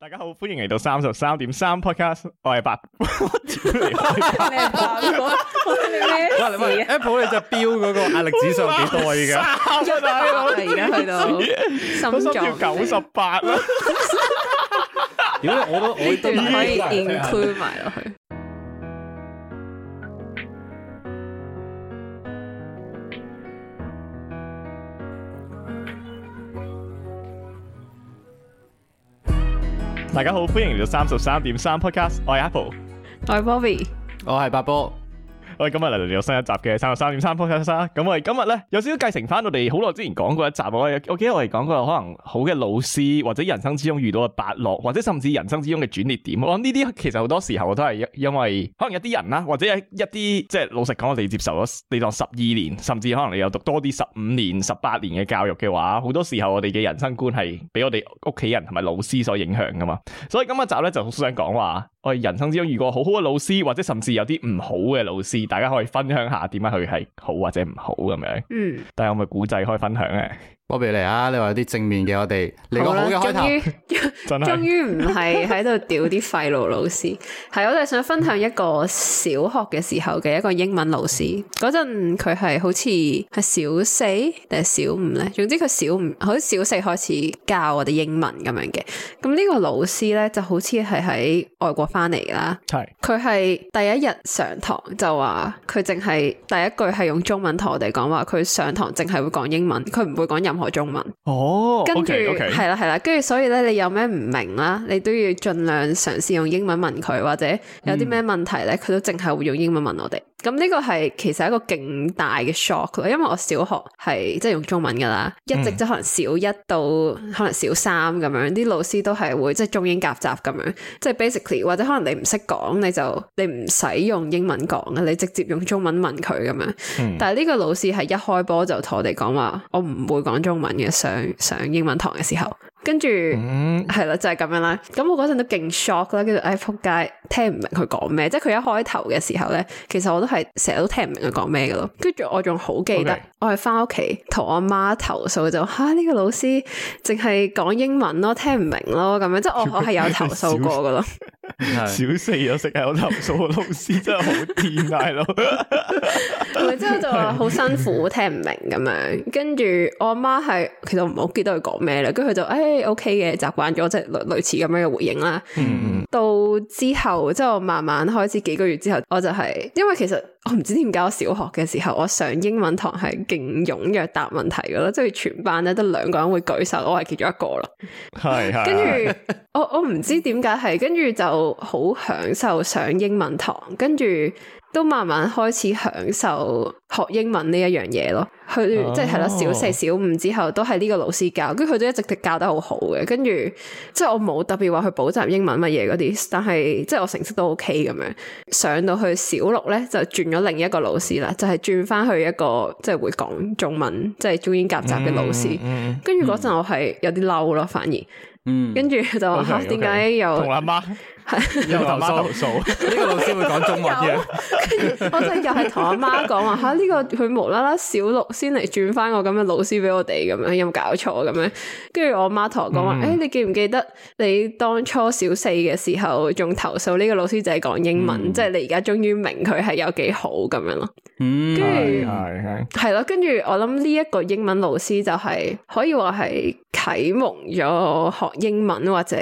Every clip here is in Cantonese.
大家好，歡迎嚟到三十三點三 podcast，我係八。喂，Apple 你隻表嗰個壓力指數幾多而家？而家去到心跳九十八啦。如果我都我都可以 include 埋落去。大家好，歡迎嚟到三十三點三 Podcast 我。我係 Apple，我係 Bobby，我係八波。喂，咁啊，嚟嚟，又新一集嘅三十三點三 percent 啦。今日咧，有少少繼承翻我哋好耐之前講過一集，我記得我哋講過可能好嘅老師或者人生之中遇到嘅伯樂，或者甚至人生之中嘅轉捩點。我諗呢啲其實好多時候都係因因為可能一啲人啦，或者一啲即係老實講，我哋接受咗你當十二年，甚至可能你有讀多啲十五年、十八年嘅教育嘅話，好多時候我哋嘅人生觀係俾我哋屋企人同埋老師所影響噶嘛。所以今一集咧，就好想講話。我哋人生之中遇過好好嘅老師，或者甚至有啲唔好嘅老師，大家可以分享下點解佢係好或者唔好咁樣。嗯，大家有冇古仔可以分享嘅？我俾你啊！你話啲正面嘅我哋嚟個好嘅開頭，終於唔係喺度屌啲廢老老師，係 我哋想分享一個小學嘅時候嘅一個英文老師。嗰陣佢係好似係小四定係小五咧，總之佢小五，好似小四開始教我哋英文咁樣嘅。咁呢個老師咧就好似係喺外國翻嚟啦，係佢係第一日上堂就話佢淨係第一句係用中文同我哋講話，佢上堂淨係會講英文，佢唔會講任。學中文哦，跟住係啦係啦，跟住 okay, okay. 所以咧，你有咩唔明啦，你都要盡量嘗試用英文問佢，或者有啲咩問題咧，佢、嗯、都淨係會用英文問我哋。咁呢個係其實一個勁大嘅 shock 咯，因為我小學係即係用中文噶啦，一直即可能小一到可能小三咁樣，啲老師都係會即係、就是、中英夾雜咁樣，即、就、係、是、basically 或者可能你唔識講，你就你唔使用，用英文講嘅，你直接用中文問佢咁樣。但係呢個老師係一開波就同我哋講話，我唔會講中文嘅，上上英文堂嘅時候。跟住嗯係啦，就係咁樣啦。咁我嗰陣都勁 shock 啦，跟住哎仆街，聽唔明佢講咩？即係佢一開頭嘅時候咧，其實我都係成日都聽唔明佢講咩嘅咯。跟住我仲好記得，Okay. 我係翻屋企同我阿媽投訴就吓呢個老師淨係講英文咯，聽唔明咯咁樣，即係我我係有投訴過噶咯。 小四又食，係我投訴嘅老師真係好癲晒咯，之後就話好 辛苦聽唔明咁樣， 跟住我媽係其實我唔好記得佢講咩啦，跟住佢就誒、哎、OK 嘅習慣咗，即係類類似咁樣嘅回應啦。 到之後之後慢慢開始幾個月之後，我就係、是、因為其實。我唔知點解，我小學嘅時候我上英文堂係勁踴躍答問題噶啦，即係全班咧得兩個人會舉手，我係其中一個啦。係， 跟住我我唔知點解係，跟住就好享受上英文堂，跟住。都慢慢開始享受學英文呢一樣嘢咯，佢、oh. 即係係咯小四小五之後都係呢個老師教，跟住佢都一直教得好好嘅。跟住即係我冇特別話去補習英文乜嘢嗰啲，但係即係我成績都 OK 咁樣。上到去小六呢，就轉咗另一個老師啦，就係轉翻去一個即係、就是、會講中文、即、就、係、是、中英夾雜嘅老師。跟住嗰陣我係有啲嬲咯，反而，跟住、mm hmm. 就話點解 Okay.、啊、又同阿媽？Okay. 又同阿媽投訴，呢 個老師會講中文。嘅。跟住我就又係同阿媽講話嚇，呢個佢無啦啦小六先嚟轉翻個咁嘅老師俾我哋，咁樣有冇搞錯咁咧？跟住我媽同我講話，誒你記唔記得你當初小四嘅時候仲投訴呢個老師就係講英文，即係你而家終於明佢係有幾好咁樣咯。嗯，跟住係係係。係咯，跟住我諗呢一個英文老師就係可以話係啟蒙咗我學英文或者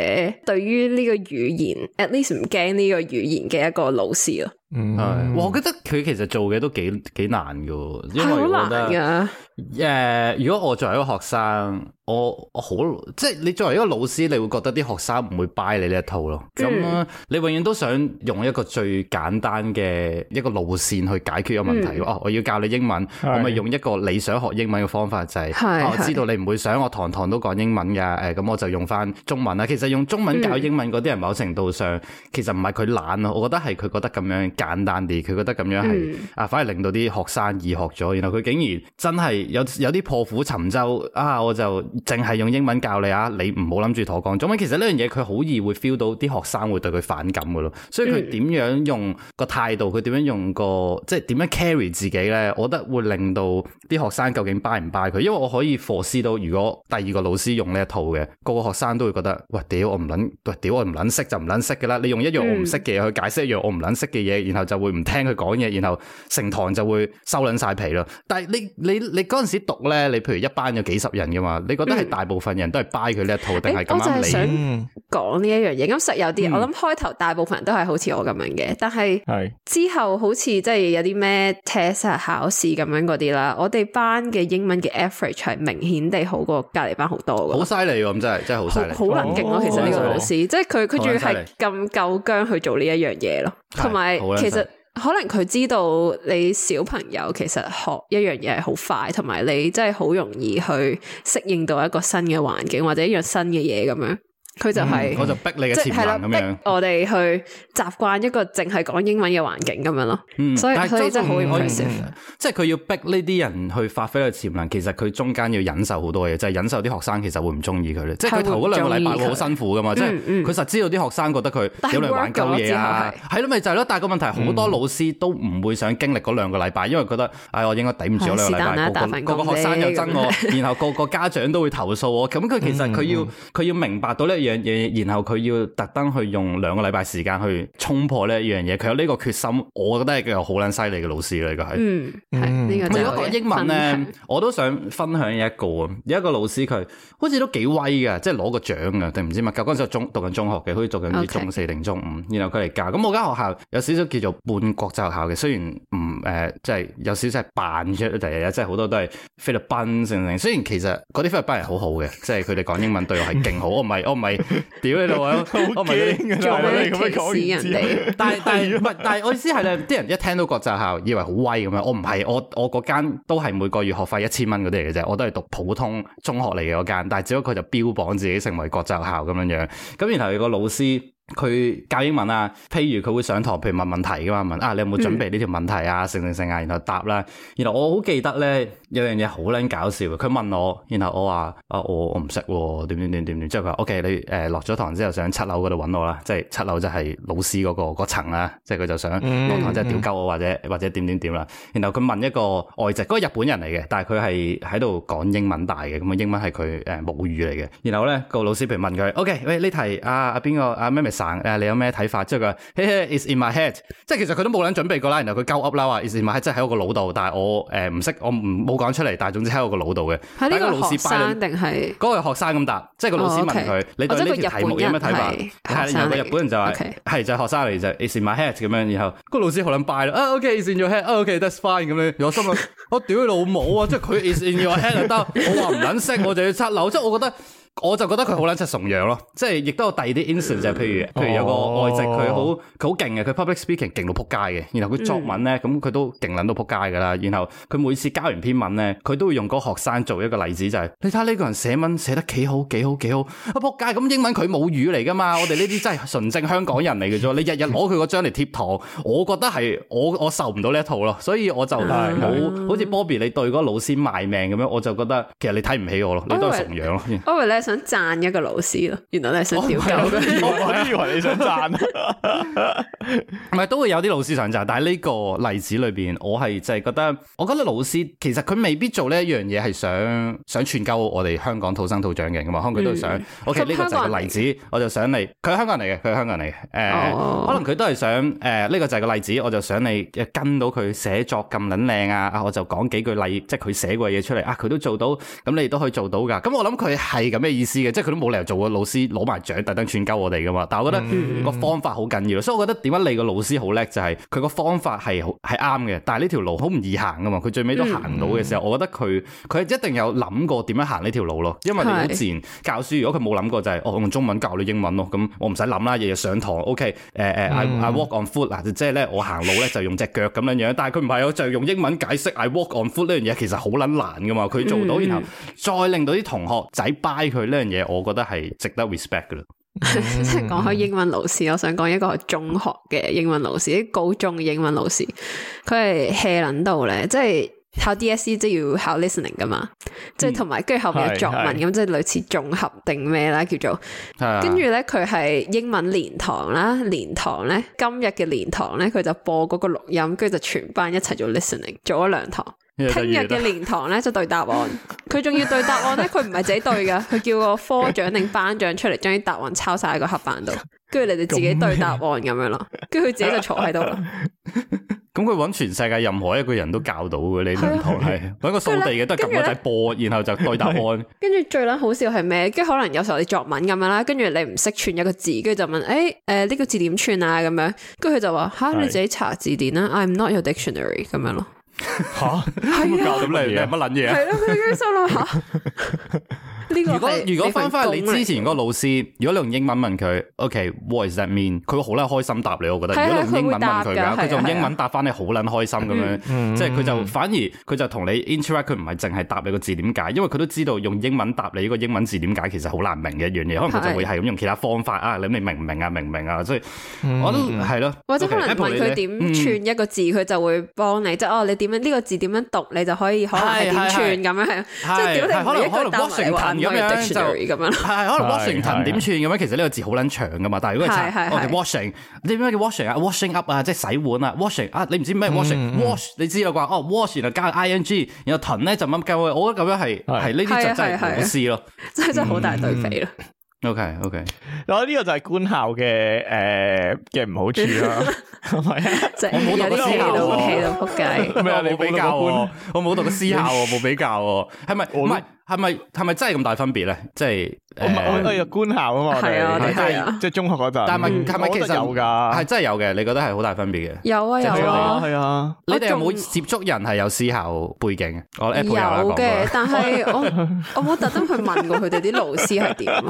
對於呢個語言。at least 唔驚呢個語言嘅一個老師咯。嗯，係、mm hmm.，我覺得佢其實做嘢都幾幾難噶，因為我覺得，係好難噶。誒，yeah, 如果我作為一個學生，我我好，即係你作為一個老師，你會覺得啲學生唔會 buy 你呢一套咯。咁、嗯，你永遠都想用一個最簡單嘅一個路線去解決一個問題。嗯、哦，我要教你英文，是我咪用一個你想學英文嘅方法就係、是是哦，我知道你唔會想我堂堂都講英文噶。誒、嗯，咁我就用翻中文啦。其實用中文教英文嗰啲人，某程度上、嗯、其實唔係佢懶咯，我覺得係佢覺得咁樣。簡單啲，佢覺得咁樣係、嗯、啊，反而令到啲學生易學咗。然後佢竟然真係有有啲破釜沉舟啊！我就淨係用英文教你啊，你唔好諗住妥講。因為其實呢樣嘢佢好易會 feel 到啲學生會對佢反感嘅咯。所以佢點樣用個態度，佢點樣用、個即係點樣 carry 自己咧？我覺得會令到啲學生究竟 buy 唔 buy 佢？因為我可以嘗試到，如果第二個老師用呢一套嘅，個個學生都會覺得喂，屌我唔撚，喂，屌我唔撚識就唔撚識嘅啦。你用一樣我唔識嘅去解釋一樣我唔撚識嘅嘢。然後就會唔聽佢講嘢，然後成堂就會收捻晒皮咯。但係你你你嗰陣時讀咧，你譬如一班有幾十人噶嘛，你覺得係大部分人都係 buy 佢呢一套定係咁樣？我就係想講呢一樣嘢。咁、嗯、實有啲，我諗開頭大部分人都係好似我咁樣嘅，但係之後好似即係有啲咩 test 啊、考試咁樣嗰啲啦。我哋班嘅英文嘅 average 係明顯地好過隔籬班好多嘅。好犀利喎！咁真係真係好犀利，好能勁咯。其實呢個老師，哦哦哦即係佢佢仲要係咁夠薑去做呢一樣嘢咯。同埋，其實可能佢知道你小朋友其實學一樣嘢係好快，同埋你真係好容易去適應到一個新嘅環境或者一樣新嘅嘢咁樣。佢就係，我就逼你嘅潛能咁樣。我哋去習慣一個淨係講英文嘅環境咁樣咯。所以佢真係好。即係佢要逼呢啲人去發揮佢潛能，其實佢中間要忍受好多嘢，就係忍受啲學生其實會唔中意佢。即係佢頭嗰兩個禮拜會好辛苦噶嘛。即係佢實知道啲學生覺得佢有嚟玩鳩嘢啊。係咯，咪就係咯。但係個問題好多老師都唔會想經歷嗰兩個禮拜，因為覺得，哎，我應該抵唔住嗰兩個禮拜。個個個學生又憎我，然後個個家長都會投訴我。咁佢其實佢要佢要明白到咧。樣嘢，然後佢要特登去用兩個禮拜時間去沖破呢一樣嘢，佢有呢個決心，我覺得係佢好撚犀利嘅老師嚟嘅係。嗯，係呢是、嗯、個就係。如果講英文咧，分我都想分享一個有一個老師佢好似都幾威嘅，即係攞個獎嘅定唔知乜。佢嗰陣時讀中讀緊中學嘅，好似讀緊中四定中五。Okay. 然後佢嚟教，咁我間學校有少少叫做半國際學校嘅，雖然唔誒、嗯呃，即係有少少係扮出嚟嘅，即係好多都係菲律賓成成。雖然其實嗰啲菲律賓人好好嘅，即係佢哋講英文對我係勁好。 我唔係，我唔係。屌 你老味，我唔係咁咩講死人哋。但係但係但係我意思係咧，啲 人一聽到國際校，以為好威咁樣，我唔係，我我嗰間都係每個月學費一千蚊嗰啲嚟嘅啫，我都係讀普通中學嚟嘅嗰間，但係只不過就標榜自己成為國際校咁樣樣，咁然後佢個老師。佢教英文啊，譬如佢會上堂，譬如問問題噶嘛，問啊你有冇準備呢條問題啊？成成成啊，然後答啦。然後我好記得咧，有樣嘢好捻搞笑嘅，佢問我，然後我話啊我我唔識點點點點點，之後佢話 O K 你誒落咗堂之後上七樓嗰度揾我啦，即係七樓就係老師嗰個嗰層啦，即係佢就想落堂即係屌鳩我或者或者點點點啦。然後佢問一個外籍，嗰個日本人嚟嘅，但係佢係喺度講英文大嘅，咁啊英文係佢誒母語嚟嘅。然後咧個老師譬如問佢 O K 喂呢題啊啊邊個啊生誒，你有咩睇法？即係佢話，嘿嘿，is in my head，即係其實佢都冇撚準備過啦。然後佢鳩 up 啦話，is in my head，即係喺我個腦度。但係我誒唔識，我唔冇講出嚟。但係總之喺我腦個腦度嘅。係老個學生定係嗰個學生咁答，即係個老師問佢，哦 okay. 你對呢個題目有咩睇法？係有個日本人就話，係就學生嚟就，is in my head 咁樣。然後個老師好撚 b 啦，啊、ah, OK, in okay、 oh, dear, is in your head，啊 OK that's fine 咁樣。我心諗，我屌你老母啊！即係佢 is in your head 我話唔撚識，我就要插漏。即係我覺得。我就覺得佢好撚柒崇洋咯，即係亦都有第二啲 instance 就係，譬如譬如有個外籍佢好佢好勁嘅，佢 public speaking 勁到撲街嘅，然後佢作文咧咁佢都勁撚到撲街噶啦，然後佢每次交完篇文咧，佢都會用嗰個學生做一個例子就係、是，你睇下呢個人寫文寫得幾好幾好幾好，一撲、啊、街咁英文佢母語嚟噶嘛， 我哋呢啲真係純正香港人嚟嘅啫，你日日攞佢嗰張嚟貼堂，我覺得係我我受唔到呢一套咯，所以我就冇、嗯、好似 Bobby 你對嗰老師賣命咁樣，我就覺得其實你睇唔起我咯，你都係崇洋咯。想讚一個老師咯，原來你係想屌鳩嘅，我以為你想讚 唔係 都會有啲老師想，陣，但係呢個例子裏邊，我係就係覺得，我覺得老師其實佢未必做呢一樣嘢，係想想串鳩我哋香港土生土長嘅，咁啊，佢都想，OK 呢個就係個例子，嗯、我就想你，佢係香港人嚟嘅，佢係香港人嚟嘅，誒、呃，哦、可能佢都係想，誒、呃，呢、這個就係個例子，我就想你跟到佢寫作咁捻靚啊，我就講幾句例，即係佢寫過嘢出嚟啊，佢都做到，咁你都可以做到噶，咁、嗯、我諗佢係咁嘅意思嘅，即係佢都冇理由做個老師攞埋獎，特登串鳩我哋噶嘛，但係我覺得個方法好緊要， 所以我覺得點？得你個老師好叻，就係佢個方法係係啱嘅。但係呢條路好唔易行噶嘛，佢最尾都行到嘅時候，嗯、我覺得佢佢一定有諗過點樣行呢條路咯。因為你好自然教書，如果佢冇諗過就係、是、我、哦、用中文教你英文咯。咁、嗯嗯、我唔使諗啦，日日上堂。OK，誒、uh, 誒、uh, I, I walk on foot 嗱、嗯，即係咧我行路咧就用隻腳咁樣樣。但係佢唔係我就用英文解釋 I walk on foot 呢樣嘢，其實好撚難噶嘛。佢做到，然後再令到啲同學仔 buy 佢呢樣嘢，我覺得係值得 respect 噶啦。即係講開英文老師，我想講一個中學嘅英文老師，高中嘅英文老師，佢係 hea 捻到咧，即係考 DSE 即係要考 listening 噶嘛，即係同埋跟住後面有作文咁，是是即係類似綜合定咩啦，叫做，跟住咧佢係英文連堂啦，連堂咧今日嘅連堂咧，佢就播嗰個錄音，跟住就全班一齊做 listening，做咗兩堂。聽日嘅年堂咧就對答案，佢仲要對答案咧，佢唔係自己對嘅，佢叫個科長定班長出嚟，將啲答案抄晒喺個黑板度，跟住你哋自己對答案咁樣咯，跟住佢自己就坐喺度啦。咁佢搵全世界任何一個人都教到嘅，你年堂係搵個掃地嘅都撳個掣播，然後就對答案。跟住最捻好笑係咩？跟住可能有時候你作文咁樣啦，跟住你唔識串一個字，跟住就問誒誒呢個字點串啊咁樣，跟住佢就話吓你自己查字典啦。I'm not your dictionary 咁樣咯。吓，咁教點嚟嘅乜捻嘢？係咯，佢已經收到吓。如果如果翻翻你之前嗰個老師，如果你用英文問佢，OK，what's that mean？佢會好撚開心答你，我覺得。係會答㗎。佢用英文答翻你好撚開心咁樣，即係佢就反而佢就同你 interact，佢唔係淨係答你個字點解，因為佢都知道用英文答你呢個英文字點解其實好難明嘅一樣嘢，可能佢就會係咁用其他方法啊，你明唔明啊？明唔明啊？所以我都係咯。或者可能問佢點串一個字，佢就會幫你，即係哦，你點樣呢個字點樣讀，你就可以可能係點串咁樣。係係可能可能。咁樣就咁樣，係係可能 washing 騰點串咁樣，其實呢個字好撚長噶嘛。但係如果係 washing，你咩叫 washing 啊？washing up 啊，即係洗碗啊。washing 啊，你唔知咩 washing？wash 你知道啩？哦，wash 然後加 ing，然後騰咧就咁加。我覺得咁樣係係呢啲就真係老師咯，真係真係好大對比咯。OK OK，嗱呢個就係官校嘅誒嘅唔好處啦，係咪啊？我冇讀過私校喎，喺度撲街。咩啊？你比較我冇讀過私校喎，冇比較喎，係咪唔係？係咪係咪真係咁大分別咧？即係我我係入官校啊嘛，係啊，即係即係中學嗰陣。但係係咪其實有噶？係真係有嘅，你覺得係好大分別嘅？有啊有啊，係啊。你哋有冇接觸人係有私校背景嘅？我有嘅，但係我我冇特登去問過佢哋啲老師係點。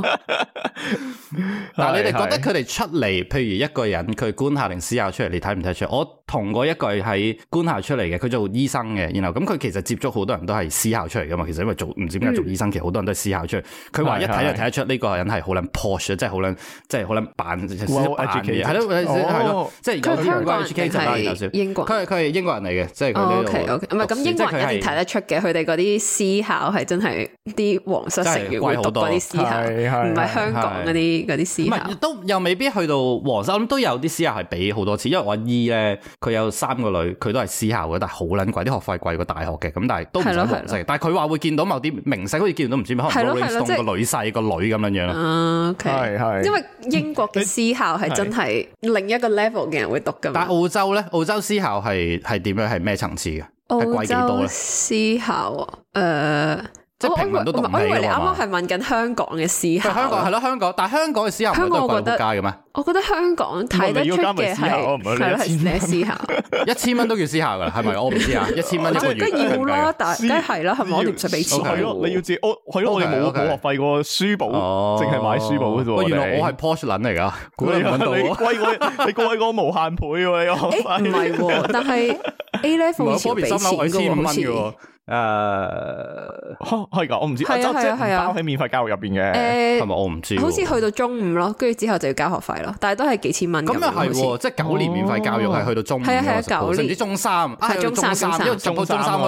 但你哋覺得佢哋出嚟，譬如，一個人佢官校定私校出嚟，你睇唔睇出？我同過一個喺官校出嚟嘅，佢做醫生嘅，然後咁佢其實接觸好多人都係私校出嚟噶嘛，其實因為做唔知。做醫生其實好多人都係私校出嚟，佢話一睇就睇得出呢個人係好撚 posh，即係好撚即係好撚扮扮住咯，係咯，即係而家香港人係英國，佢係佢係英國人嚟嘅，即係佢呢唔係咁英國人一定睇得出嘅，佢哋嗰啲私校係真係啲皇室成員好多嗰啲私校，唔係香港嗰啲嗰啲私校，都又未必去到皇室，我諗都有啲私校係俾好多錢，因為我姨咧佢有三個女，佢都係私校嘅，但係好撚貴，啲學費貴過大學嘅。咁但係都唔使但係佢話會見到某啲名形世好似見到，唔知咩可能我哋送個女婿個女咁樣樣。啊，OK，係，係，因為英國嘅私校係真係另一個 level 嘅人會讀噶。但係澳洲咧，澳洲私校係係點樣？係咩層次嘅？係貴幾多咧？私校，誒，呃、即係平民都讀得起嘅嘛。我以為你啱啱係問緊香港嘅私校，香港係咯香港，但係香港嘅私校，香港係貴族家嘅咩？我覺得香港睇得出嘅係，一千蚊都叫私校，一千蚊都要私校噶，係咪？我唔知啊，一千蚊一個月。梗要啦，但梗係啦，係咪我哋唔使俾錢？係咯，你要自我係咯，你冇補學費個書簿，淨係買書簿啫喎。原來我係 Porsche 撚嚟㗎，你貴過你貴過無限倍喎。唔係，但係 A level 唔係俾錢五好似誒可可以㗎？我唔知，我真係唔包喺免費教育入邊嘅，係咪？我唔知，好似去到中五咯，跟住之後就要交學費啦。但係都係幾千蚊咁，又係，即係九年免費教育係去到中，係係九年，甚至中三係中三，因為中三可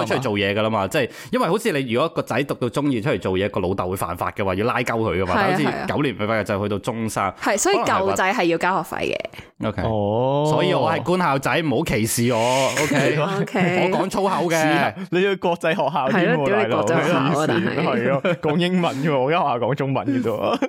以出嚟做嘢噶啦嘛，即係因為好似你如果個仔讀到中二出嚟做嘢，個老豆會犯法嘅話，要拉鳩佢噶嘛，好似九年免費就去到中三，所以舊仔係要交學費嘅。O K，哦，所以我係官校仔，唔好歧視我。O K，我講粗口嘅，你要國際學校，係咯，屌你國際，係咯，講英文嘅，我而家學校講中文嘅啫。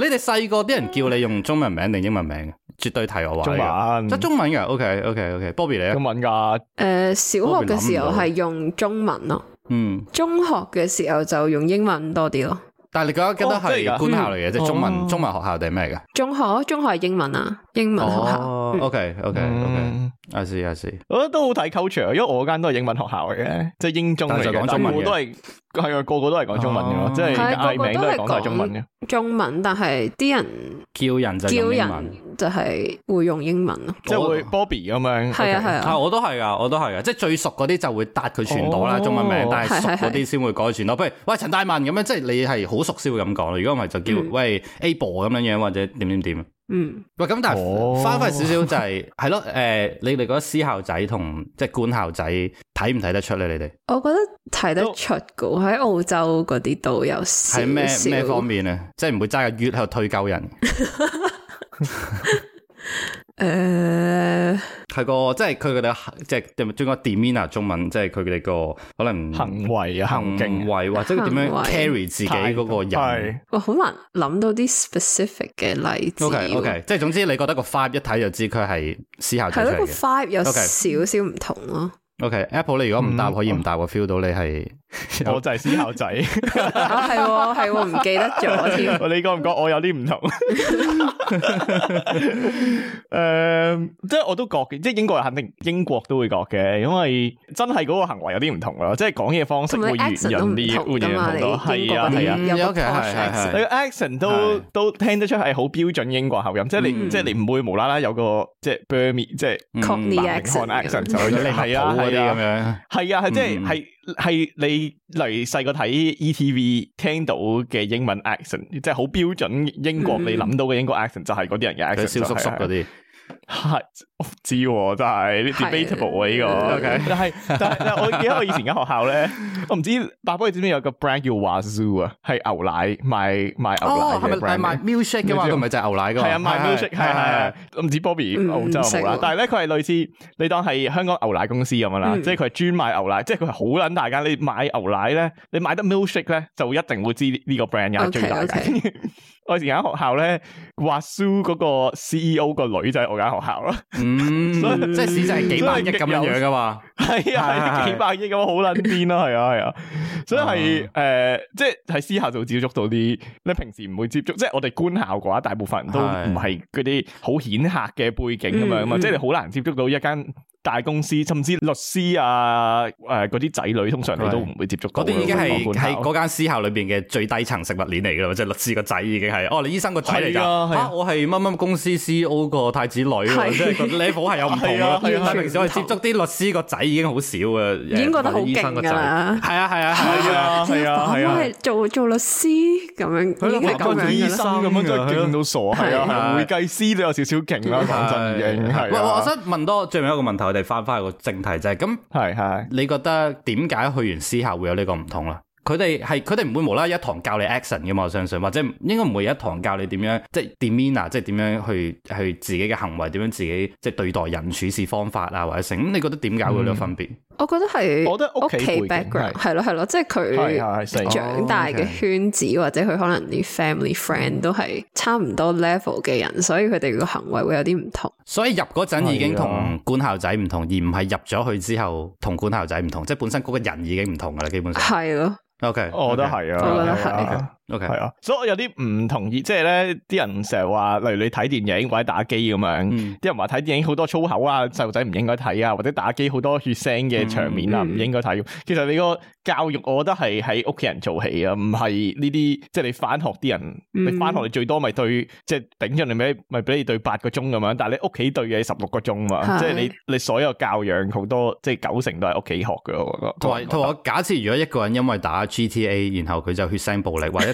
你哋細個啲人叫你用中文名，定英文名嘅，絕對題外話中文即係中文嘅，OK OK OK。Bobby 你啊？中文噶。誒，小學嘅時候係用中文咯。嗯。中學嘅時候就用英文多啲咯。但係你覺得覺得係官校嚟嘅，即係中文中文學校定係咩嘅？中學中學係英文啊，英文學校。OK OK OK。I see I see 我覺得都好睇 culture，因為我間都係英文學校嚟嘅，即係英中，但就講中文都係。係啊，個個都係講中文嘅，啊、即係是個名都係講中文嘅。個個中文，但係啲人叫人叫人就係會用英文咯，即係會 Bobby 咁樣。係啊係啊，我都係啊，我都係啊。即係最熟嗰啲就會答佢全到啦，哦、中文名，但係熟嗰啲先會改全咯。不、哦、如喂陳大文咁樣、嗯、樣，樣，樣，樣，即係你係好熟先會咁講咯。如果唔係就叫喂 Abel 咁樣樣或者點點點。嗯，喂，咁但係花費少少就係係咯，誒，你哋覺得私校仔同即係官校仔睇唔睇得出咧？你哋？我覺得睇得出噶，喺那澳洲嗰啲都有少少。係咩咩方面咧、啊？即係唔會揸個月喺度推鳩人。誒。係個即係佢哋即係點講？demeanor 啊，中文即係佢哋個可能行為啊，行畏、啊，行啊、或者佢點樣 carry 自己嗰個人，哇，好難諗到啲 specific 嘅例子、啊。OK OK，即係總之你覺得個 vibe 一睇就知佢係私下聚會嘅。係咯，那個 vibe 有少少唔同咯、啊。Okay. OK，Apple，你如果唔答，可以唔答，我 feel 到你係我就係思考仔，係係會唔記得咗添。你覺唔覺我有啲唔同？誒，即係我都覺嘅，即係英國人肯定英國都會覺嘅，因為真係嗰個行為有啲唔同咯，即係講嘢方式會粵人啲，會粵人啲，係啊係啊，OK，係係。你個 accent 都都聽得出係好標準英國口音，即係你即係你唔會無啦啦有個即係 Berme 即係 Cockney accent 就咗，係啊。啲咁樣係啊，係即係係係你嚟細個睇 ETV 聽到嘅英文 accent 即係好標準英國、嗯、你諗到嘅英國 accent 就係嗰啲人嘅。蕭叔叔嗰啲。吓，我知，真係呢啲 debatable 呢個，但係但係我記得我以前間學校咧，我唔知 Bobby 你知唔知有個 brand 叫 Wazoo 啊，係牛奶賣賣牛奶嘅 brand，賣 milkshake 嘅嘛，佢咪就係牛奶嘅，係啊賣 milkshake，係係係，唔知 Bobby 澳洲啦，但係咧佢係類似你當係香港牛奶公司咁樣啦，即係佢係專賣牛奶，即係佢係好撚大間，你買牛奶咧，你買得 milkshake 咧，就一定會知呢個 brand 又係最大嘅。我以前間學校咧，畫書嗰個 C E O 個女仔，我間學校啦，嗯、 所以即係市值係幾萬億咁樣噶嘛，係有啊，幾百億咁好撚癲咯，係啊係啊， 啊啊所以係誒、呃，即係喺私下就接觸到啲你平時唔會接觸，即係我哋官校嘅話，大部分人都唔係嗰啲好顯赫嘅背景咁樣啊嘛，嗯、即係你好難接觸到一間。大公司，甚至律師啊，誒嗰啲仔女，通常你都唔會接觸。嗰啲已經係喺嗰間私校裏邊嘅最低層食物鏈嚟噶啦，即係律師個仔已經係。哦，你醫生個仔嚟噶？我係乜乜公司 CEO 個太子女。即係你我係有唔同嘅。平時我接觸啲律師個仔已經好少啊，已經覺得好勁噶啦。係啊係啊係啊係啊，都係做做律師咁樣，已經係咁樣啦。醫生根本真係勁到傻啊！會計師都有少少勁啦，唐振英。唔係，我想問多，最尾一個問題翻翻去個正題就係咁，係係。你覺得點解去完私校會有個呢個唔同啦？佢哋係佢哋唔會無啦啦一堂教你 action 嘅嘛，我相信，或者應該唔會一堂教你點樣，即係 demeanor 啊，即係點樣去去自己嘅行為，點樣自己即係、就是、對待人處事方法啊，或者成。你覺得點解會有分別？嗯。我覺得係，我覺得屋企 background 係咯係咯，即係佢長大嘅圈子或者佢可能啲 family friend 都係差唔多 level 嘅人，所以佢哋個行為會有啲唔同。所以入嗰陣已經同官校仔唔同，而唔係入咗去之後同官校仔唔同，即係本身嗰個人已經唔同噶啦，基本上。係咯。OK, okay. 我覺得係啊。我覺得係啊。係啊，所以我有啲唔同意，即係咧，啲人成日話，例如你睇電影或者打機咁樣，啲人話睇電影好多粗口啊，細路仔唔應該睇啊，或者打機好多血腥嘅場面啊，唔應該睇。其實你個教育，我覺得係喺屋企人做起啊，唔係呢啲即係你翻學啲人，你翻學你最多咪對，即係頂上你咪咪俾你對八個鐘咁樣，但係你屋企對嘅十六個鐘嘛，即係你你所有教養好多即係九成都係屋企學嘅，我覺得。同埋同我假設，如果一個人因為打 GTA，然後佢就血腥暴力或者，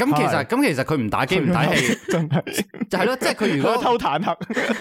咁其實咁其實佢唔打機唔睇戲，就係咯，即係佢如果偷坦克，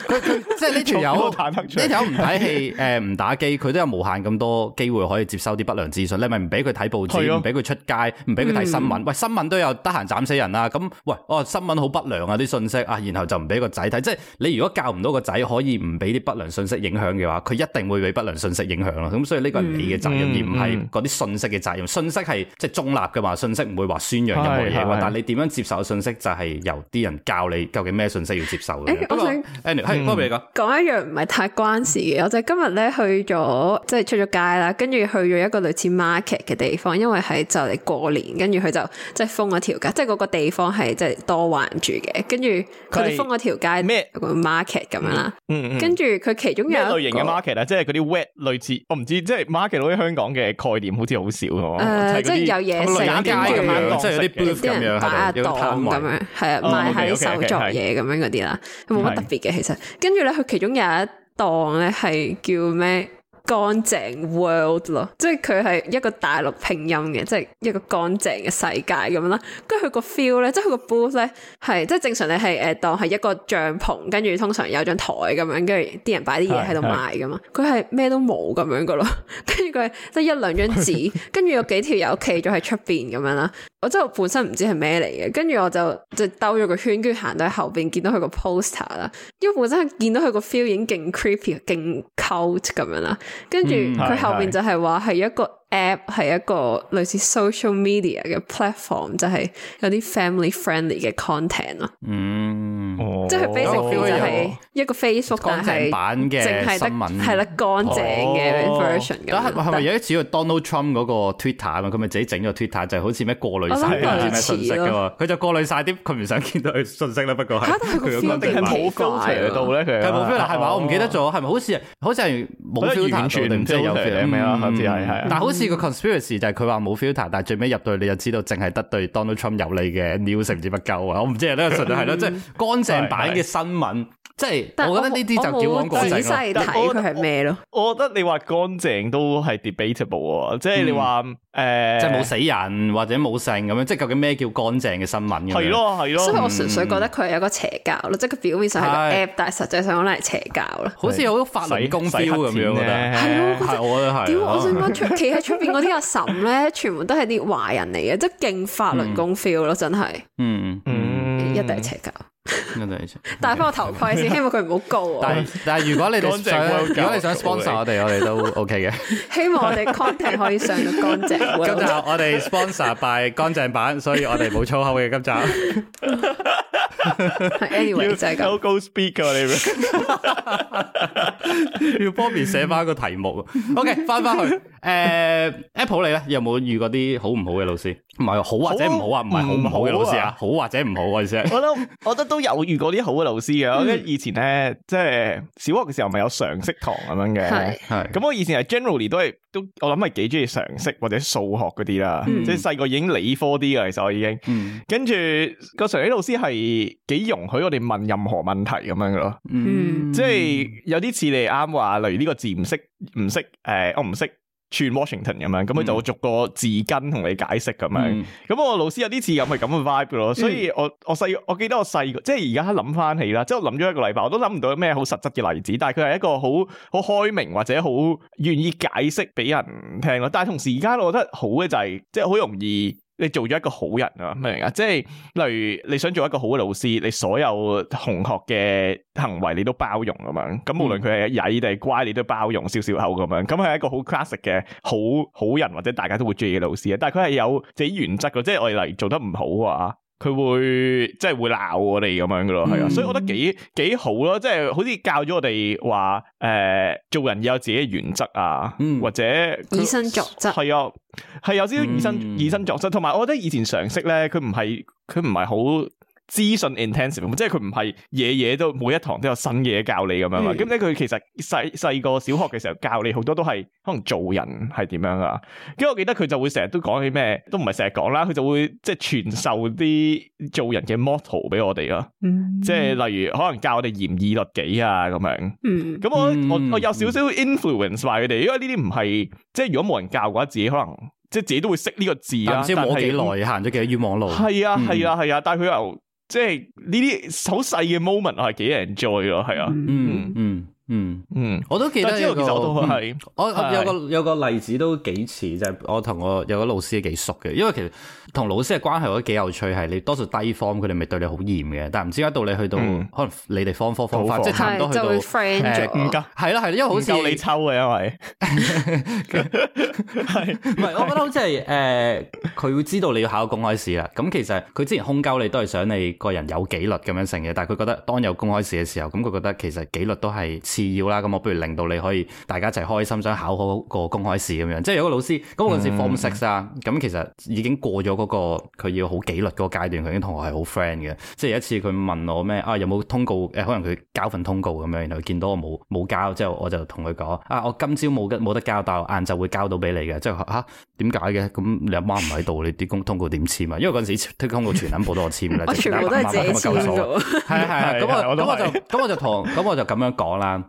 佢即係呢條友呢條友唔睇戲，誒唔打機，佢都有無限咁多機會可以接收啲不良資訊，你咪唔俾佢睇報紙，唔俾佢出街，唔俾佢睇新聞。喂，新聞都有得閒斬死人啦。咁喂，哦，新聞好不良啊啲信息啊，然後就唔俾個仔睇。即係你如果教唔到個仔可以唔俾啲不良信息影響嘅話，佢一定會俾不良信息影響咯。咁所以呢個係你嘅責任，而唔係嗰啲信息嘅責任。信息係即係中立嘅話，信息唔會話宣揚任何嘢。你點樣接受嘅信息就係由啲人教你究竟咩信息要接受嘅。我想 Annie，講講一樣唔係太關事嘅。我就今日咧去咗，即係出咗街啦，跟住去咗一個類似 market 嘅地方，因為係就嚟過年，跟住佢就即係封咗條街，即係嗰個地方係即係多環住嘅。跟住佢哋封咗條街咩 market 咁樣啦。跟住佢其中有咩類型嘅 market 咧，即係嗰啲 wet 類似，我唔知。即係 market 好似香港嘅概念好似好少即係有嘢成街咁樣，即係啲 booth 咁樣。擺下檔咁樣，係啊，賣下啲手作嘢咁樣嗰啲啦，冇乜特別嘅其實。的跟住咧，佢其中有一檔咧係叫咩？乾淨 world 咯，即係佢係一個大陸拼音嘅，即係一個乾淨嘅世界咁樣啦。跟住佢個 feel 咧，即係佢個 booth 咧，係即係正常你係誒當係一個帳篷，跟住通常有張台咁樣，跟住啲人擺啲嘢喺度賣噶嘛。佢係咩都冇咁樣噶咯，跟住佢得一兩張紙，跟住 有幾條友企咗喺出邊咁樣啦。我真係本身唔知係咩嚟嘅，跟住我就即係兜咗個圈，跟住行到喺後邊見到佢個 poster 啦。因為本身係見到佢個 feel 已經勁 creepy、勁 cold 咁樣啦。跟住佢後面就係話，係一個 App 係一個類似 social media 嘅 platform，就係有啲 family friendly 嘅 content 咯。嗯，即係佢變成變咗係一個 Facebook 但係版嘅新聞，係啦，乾淨嘅 version。係咪有一次 Donald Trump 嗰個 Twitter 啊？佢咪自己整咗個 Twitter，就係好似咩過濾曬啲咩信息㗎喎？佢就過濾曬啲佢唔想見到佢信息啦。不過係佢嗰個定係好乾淨嘅都咧。佢冇 filter 係嘛？我唔記得咗。係咪好似係好似係冇 filter 定即係冇嘅咩啊？好似係係，但係好似。似個 conspiracy 就係佢話冇 filter，但係最尾入到去你就知道，淨係得對 Donald Trump 有利嘅 news，唔知乜嘢啊！我唔知係咯，純粹係咯，即係乾淨版嘅新聞。即係，我覺得呢啲就叫仔細睇佢係咩咯。我覺得你話乾淨都係 debatable 啊！即係你話誒，即係冇死人或者冇性咁樣，即係究竟咩叫乾淨嘅新聞咁樣？係咯係咯。所以我純粹覺得佢係一個邪教咯，即係佢表面上係個 app，但係實際上可能係邪教啦。好似有法輪功 feel 咁樣嘅。係咯，係。我覺得係。屌，我想講出企喺出邊嗰啲阿嬸咧，全部都係啲華人嚟嘅，即係勁法輪功 feel 咯，真係。嗯嗯，一定係邪教。戴翻個頭盔先，希望佢唔好告。但但係如果你想如果你想 sponsor 我哋，我哋都 OK 嘅。希望我哋 content 可以上到乾淨。今集我哋 sponsor 拜乾淨版，所以我哋冇粗口嘅今集。anyway 就係咁。要方便寫翻個題目。OK，翻翻去。誒，Apple 你咧有冇遇過啲好唔好嘅老師？唔係好或者唔好啊？唔係好唔好嘅老師啊？好或者唔好嘅老師？我都我都都。有遇過啲好嘅老師嘅。得、嗯、以前咧，即、就、係、是、小學嘅時候咪有常識堂咁樣嘅，係咁是我以前係 generally 都係都，我諗係幾鍾意常識或者數學嗰啲啦，嗯、即係細個已經理科啲嘅，其實我已經，嗯、跟住、那個常識老師係幾容許我哋問任何問題咁樣嘅咯，即係、嗯就是、有啲似你啱話，例如呢個字唔識，唔識，誒、呃，我、哦、唔識。全 Washington 咁樣，咁佢就會逐個字根同你解釋咁樣，咁、嗯、我老師有啲似咁，係咁嘅 vibe 咯，所以我我細我記得我細個即係而家諗翻起啦，即係我諗咗一個禮拜，我都諗唔到咩好實質嘅例子，但係佢係一個好好開明或者好願意解釋俾人聽咯，但係同時而家我覺得好嘅就係即係好容易。你做咗一個好人啊？明明啊？即係例如你想做一個好嘅老師，你所有同學嘅行為你都包容咁樣，咁無論佢係曳定係乖，你都包容少少口咁樣，咁係一個 class 好 classic 嘅好好人或者大家都會中意嘅老師啊。但係佢係有自己原則嘅，即係我哋嚟做得唔好啊。佢會即係會鬧我哋咁樣噶咯，係啊，所以我覺得幾幾好咯，即係好似教咗我哋話，誒、呃，做人要有自己嘅原則啊，嗯、或者以身作則，係啊，係有少少以身以身作則，同埋我覺得以前常識咧，佢唔係佢唔係好。資訊 intensive，即係佢唔係嘢嘢都每一堂都有新嘢教你咁樣嘛。咁咧佢其實細細個小學嘅時候教你好多都係可能做人係點樣啊。咁我記得佢就會成日都講起咩，都唔係成日講啦。佢就會即係傳授啲做人嘅 motto 俾我哋咯。即係例如可能教我哋嚴以律己啊咁樣。咁我我我有少少 influence by 佢哋，因為呢啲唔係即係如果冇人教嘅話，自己可能即係自己都會識呢個字啊。即係冇幾耐，行咗幾多冤枉路。係啊係啊係啊，但係佢又。即係呢啲好細嘅 moment 我係幾 enjoy 咯，係啊，嗯嗯。嗯嗯。嗯嗯，我都記得有個係，我有個有個例子都幾似，就係我同我有個老師幾熟嘅，因為其實同老師嘅關係我都幾有趣，係你多數低方佢哋咪對你好嚴嘅，但係唔知點解到你去到可能你哋方科方法差唔多去到 friend 咗，係咯係咯，因為好似收你抽嘅因為，係唔係？我覺得好似係誒，佢會知道你要考公開試啦。咁其實佢之前空交你都係想你個人有紀律咁樣成嘅，但係佢覺得當有公開試嘅時候，咁佢覺得其實紀律都係。次要啦，咁、啊、我不如令到你可以大家一齊開心，想考好個公開試咁樣。即係有個老師，咁嗰陣時 form six 啊、嗯，咁、嗯、其實已經過咗嗰、那個佢要好紀律嗰個階段，佢已經同我係好 friend 嘅。即、就、係、是、有一次佢問我咩啊，有冇通告？誒、啊，可能佢交份通告咁樣，然後見到我冇冇交，之後我就同佢講啊，我今朝冇冇得交，但晏晝會交到俾你嘅。即係嚇點解嘅？咁你阿媽唔喺度，你啲公通告點簽嘛？因為嗰陣時通告全部都我簽啦，我全部都係自己簽咗。係係，咁我我就咁我就同咁我就咁樣講啦。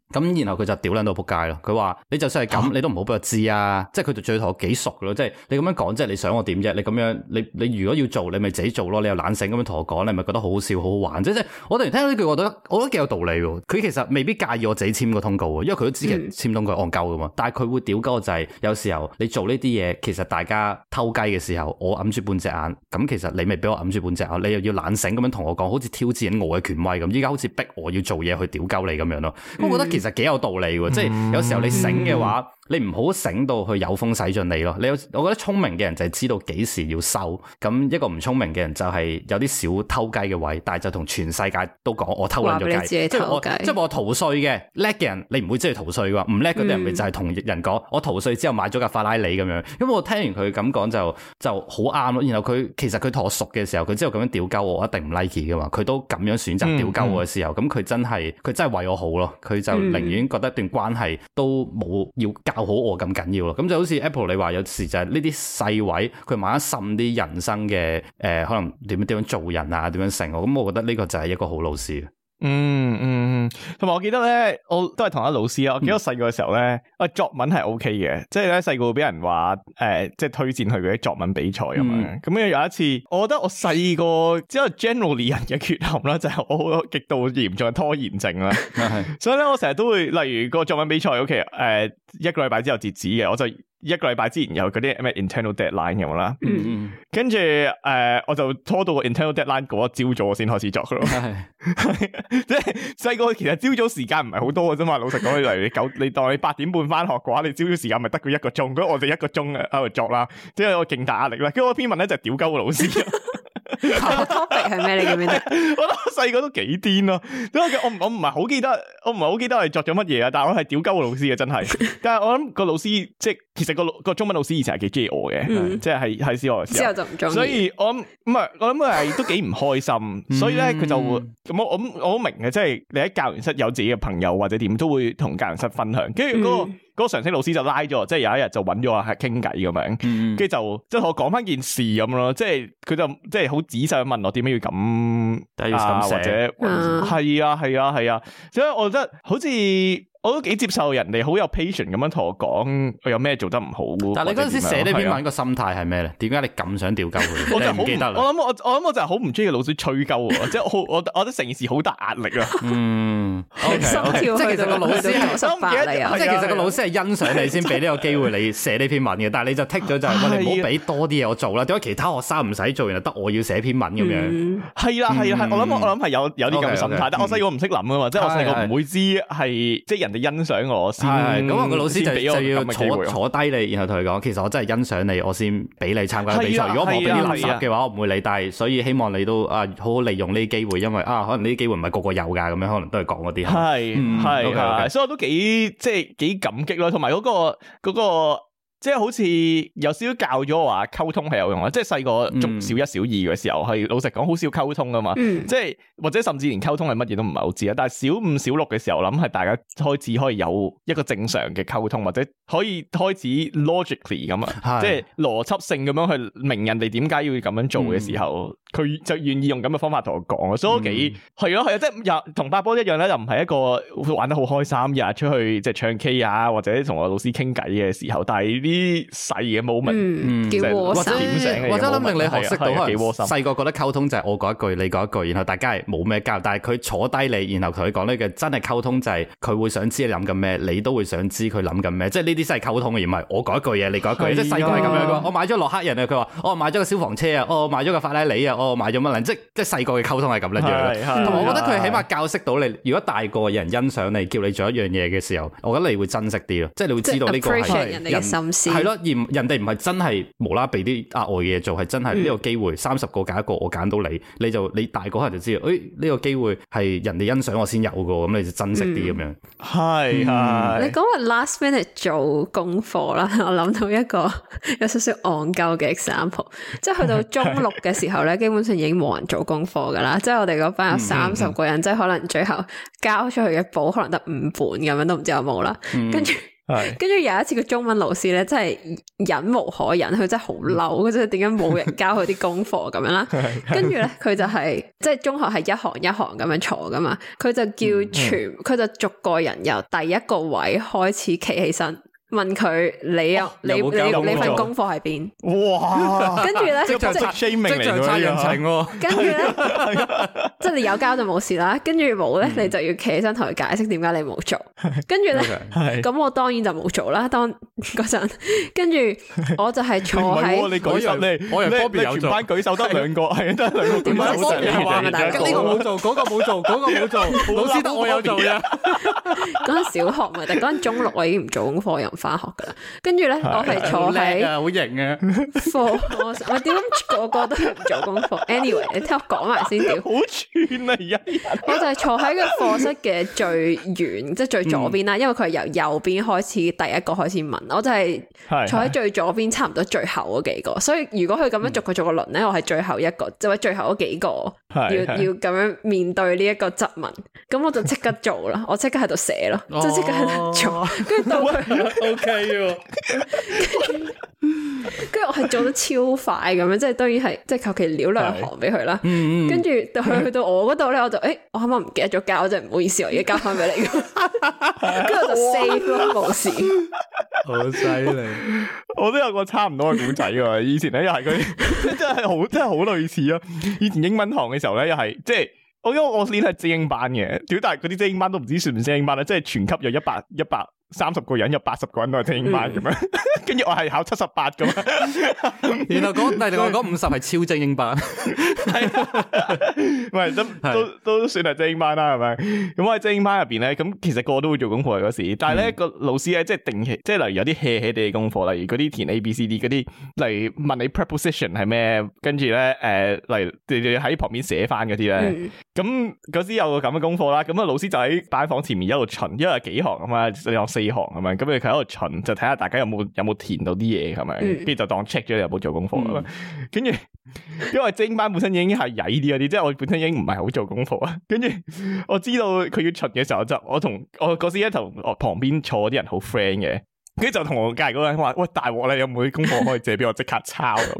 咁然後佢就屌撚到仆街咯，佢話你就算係咁，啊、你都唔好俾我知啊！即係佢就最同我幾熟咯，即係你咁樣講，即係你想我點啫？你咁樣你你如果要做，你咪自己做咯。你又懶醒咁樣同我講，你咪覺得好好笑好好玩。即即我突然聽到呢句話，我覺得我覺得幾有道理喎。佢其實未必介意我自己簽個通告喎，因為佢都知簽通佢戇鳩噶嘛。但係佢會屌鳩就係、是、有時候你做呢啲嘢，其實大家偷雞嘅時候，我揞住半隻眼，咁其實你咪俾我揞住半隻眼，你又要懶醒咁樣同我講，好似挑戰我嘅權威咁。依家好似逼我要做嘢去屌鳩你咁樣咯。我覺得其實幾有道理喎，嗯、即係有時候你醒嘅話，嗯、你唔好醒到去有風使盡你咯。你有，我覺得聰明嘅人就係知道幾時要收。咁一個唔聰明嘅人就係有啲小偷雞嘅位，但係就同全世界都講我偷捻咗雞，即係我，雞我逃稅嘅叻嘅人，你唔會即係逃稅噶，唔叻嗰啲人咪就係同人講、嗯、我逃稅之後買咗架法拉利咁樣。因為我聽完佢咁講就就好啱咯。然後佢其實佢同我熟嘅時候，佢知道咁樣屌鳩我，我一定唔 like 嘅嘛。佢都咁樣選擇屌鳩我嘅時候，咁佢、嗯嗯、真係佢真係為我好咯。佢就。嗯寧願覺得一段關係都冇要教好我咁緊要咯，咁就好似 Apple，你話有時就係呢啲細位，佢慢慢滲啲人生嘅誒、呃，可能點樣點樣做人啊，點樣成我咁，我覺得呢個就係一個好老師。嗯嗯，同埋我記得咧，我都係同一老師啊。我記得我細個嘅時候咧，我、嗯、作文係 O K 嘅，即係咧細個會俾人話，誒、呃，即、就、係、是、推薦去嗰啲作文比賽咁樣。咁又、嗯、有一次，我覺得我細個之後 generally 人嘅缺陷啦，就係、是、我好極度嚴重拖延症啦。嗯、 所以咧，我成日都會，例如個作文比賽、OK，其實誒一個禮拜之後截止嘅，我就。一個禮拜之前有嗰啲咩 internal deadline 咁啦，嗯嗯跟住誒、呃，我就拖到個 internal deadline 嗰一朝早先開始作佢咯。即係細個其實朝早時間唔係好多嘅啫嘛，老實講起嚟，你九你當你八點半翻學嘅話，你朝早時間咪得佢一個鐘，咁我哋一個鐘啊喺度作啦，即係有個勁大壓力啦。跟住我篇文咧就屌鳩個老師。 topic 係咩？你叫邊啲？我細個都幾癲咯，因為我我唔係好記得，我唔係好記得係作咗乜嘢啊，但係我係屌鳩個老師嘅，真係。但係我諗個老師，即係其實個個中文老師以前係幾中意我嘅，即係係係小學嘅時候，所以我唔係我諗係都幾唔開心。 所以咧佢就會咁，我我我好明嘅，即係你喺教員室有自己嘅朋友或者點都會同教員室分享。跟住嗰個。嗯嗰個常識老師就拉咗，即係有一日就揾咗我係傾偈咁樣，嗯、跟住就即係我講翻件事咁咯，即係佢就即係好仔細地問我點解要咁啊，或者係啊係啊係啊，所以、啊啊啊啊啊啊、我覺得好似。我都幾接受人哋好有 patience 咁樣同我講，我有咩做得唔好。但係你嗰陣時寫呢篇文個心態係咩咧？點解你咁想釣鳩佢？我就好記得，我諗我我諗我就好唔中意老師吹鳩，即係我我我覺得成件事好大壓力啊。嗯，即係其實個老師係即係其實個老師係欣賞你先俾呢個機會你寫呢篇文嘅，但係你就剔咗就係我哋唔好俾多啲嘢我做啦，點解其他學生唔使做，然後得我要寫篇文咁樣？係啦係啦我諗我諗係有有啲咁嘅心態，但我細個唔識諗啊嘛，即係我細個唔會知係即人。你欣賞我，先、嗯，咁個老師就我就要坐坐低你，然後同佢講，其實我真係欣賞你，我先俾你參加比賽。如果、啊、我俾啲垃圾嘅話，我唔會理。啊、但係所以希望你都啊，啊，好好利用呢啲機會，因為啊，可能呢啲機會唔係個個有噶，咁樣可能都係講嗰啲。係系，所以我都幾即係幾感激咯。同埋嗰個個。嗰個即係好似有少少教咗話，溝通係有用啊！即係細個仲小一、小二嘅時候，係、嗯、老實講好少溝通㗎嘛。嗯、即係或者甚至連溝通係乜嘢都唔係好知啊。但係小五、小六嘅時候，諗係大家開始可以有一個正常嘅溝通，或者可以開始 logically 咁啊，嗯、即係邏輯性咁樣去明人哋點解要咁樣做嘅時候。嗯佢就願意用咁嘅方法同我講，所以幾係咯係啊，即係又同 8Ball 一樣咧，又唔係一個玩得好開心，日日出去即係唱 K 啊，或者同我老師傾偈嘅時候，但係啲細嘅 moment，點醒嘅嘢。或者諗明你學識到，細個、啊啊、覺得溝通就係我講一句，你講一句，然後大家係冇咩交流。但係佢坐低你，然後同佢講呢嘅真係溝通就係佢會想知你諗緊咩，你都會想知佢諗緊咩，即係呢啲真係溝通，嘅，而唔係我講一句嘢，你講一句嘢。細個係咁樣，我買咗個洛克人啊，佢話：我買咗個消防車啊，我買咗個法拉利啊。哦，買咗乜咧？即即細個嘅溝通係咁樣樣，同埋我覺得佢起碼教識到你。如果大個有人欣賞你，叫你做一樣嘢嘅時候，我覺得你會珍惜啲咯。即係你會知道呢個係人哋嘅心思。係咯，而人哋唔係真係無啦啦俾啲額外嘅嘢做，係真係呢個機會三十個揀一個，我揀到你，你就你大個人就知誒呢個機會係人哋欣賞我先有㗎，咁你就珍惜啲咁樣。係係。你講話 last minute 做功課啦，我諗到一個有少少戇鳩嘅 example，即係去到中六嘅時候咧，嘅。根本上已經冇人做功課噶啦，即係我哋嗰班有三十個人，嗯、即係可能最後交出去嘅簿可能得五本咁樣，都唔知有冇啦。跟住，嗯、跟住有一次個中文老師咧，真係忍無可忍，佢真係好嬲，即係點解冇人交佢啲功課咁樣啦？跟住咧，佢就係即係中學係一行一行咁樣坐噶嘛，佢就叫全，佢，嗯、就逐個人由第一個位開始企起身。問佢，你有你你你份功課喺邊？哇！跟住咧，即就即係 shaming 嚟嗰啲人情。跟住咧，即係你有交就冇事啦。跟住冇咧，你就要企起身同佢解釋點解你冇做。跟住咧，咁我當然就冇做啦。當嗰陣，跟住我就係坐喺。唔係喎，你舉手你你你全班舉手得兩個，係得兩個。唔係我冇做，嗰個冇做，嗰個冇做。老師得我有做啫。嗰陣小學咪，但嗰陣中六我已經唔做功課又。翻學噶啦，跟住咧，我係坐喺，好型啊！課室喂，點解個個都係唔做功課？Anyway，你聽我講埋先好串啊！而家，我就係坐喺個課室嘅最遠，即係最左邊啦。因為佢係由右邊開始，第一個開始問，我就係坐喺最左邊，差唔多最後嗰幾個。所以如果佢咁樣逐個逐個輪咧，我係最後一個，就係最後嗰幾個，要要咁樣面對呢一個質問。咁我就即刻做啦，我即刻喺度寫咯，就即刻喺度做，跟住到佢。O K 跟住我係做得超快咁樣，即係當然係即係求其撩兩行俾佢啦。跟住到佢去到我嗰度咧，我就誒、欸，我啱啱唔記得咗交，我真係唔好意思，我而家交翻俾你。跟 住就 save 咯，冇事。 好犀利害！ 我都有個差唔多嘅古仔噶，以前咧又係佢 真係好真係好類似咯。以前英文堂嘅時候咧，又係即係我因為我先係精英班嘅，屌但係嗰啲精英班都唔知算唔算精英班咧，即係全級有一百一百。三十個人有八十個人都係精英班咁樣，跟住我係考七十八咁，然後講，但係五十係超精英班，係、嗯，唔 都 都 都，都算係精英班啦，係咪？咁我喺精英班入邊咧，咁其實個個都會做功課嗰時，但係咧、嗯、個老師咧即係定期，即係例如有啲 hea 啲嘅功課，例如嗰啲填 A、B、C、D 嗰啲，例如問你 preposition 係咩，跟住咧誒嚟，喺旁邊寫翻嘅啲咧，咁嗰、嗯嗯、時有個咁嘅功課啦，咁啊老師就喺班房前面一路巡，因為幾行啊嘛，呢行咁樣，咁佢喺度巡，就睇下大家有冇有冇填到啲嘢，咁咪、嗯？跟住就當 check 咗有冇做功課啦。跟住，因為精班本身已經係曳啲嗰啲，即係我本身已經唔係好做功課啊。跟住我知道佢要巡嘅時候，就我同我嗰時一同我旁邊坐啲人好 friend 嘅。跟住就同我隔籬嗰個人話：喂，大鑊咧，有冇啲功課可以借俾我即刻抄？咁，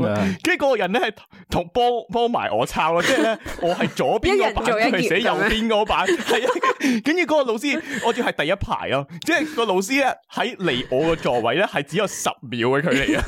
跟住嗰個人咧係同幫幫埋我抄咯。即係咧，我係左邊個版，佢寫 右邊個版。係。跟住嗰個老師，我仲係第一排咯。即係個老師咧，喺離我個座位咧係只有十秒嘅距離啊。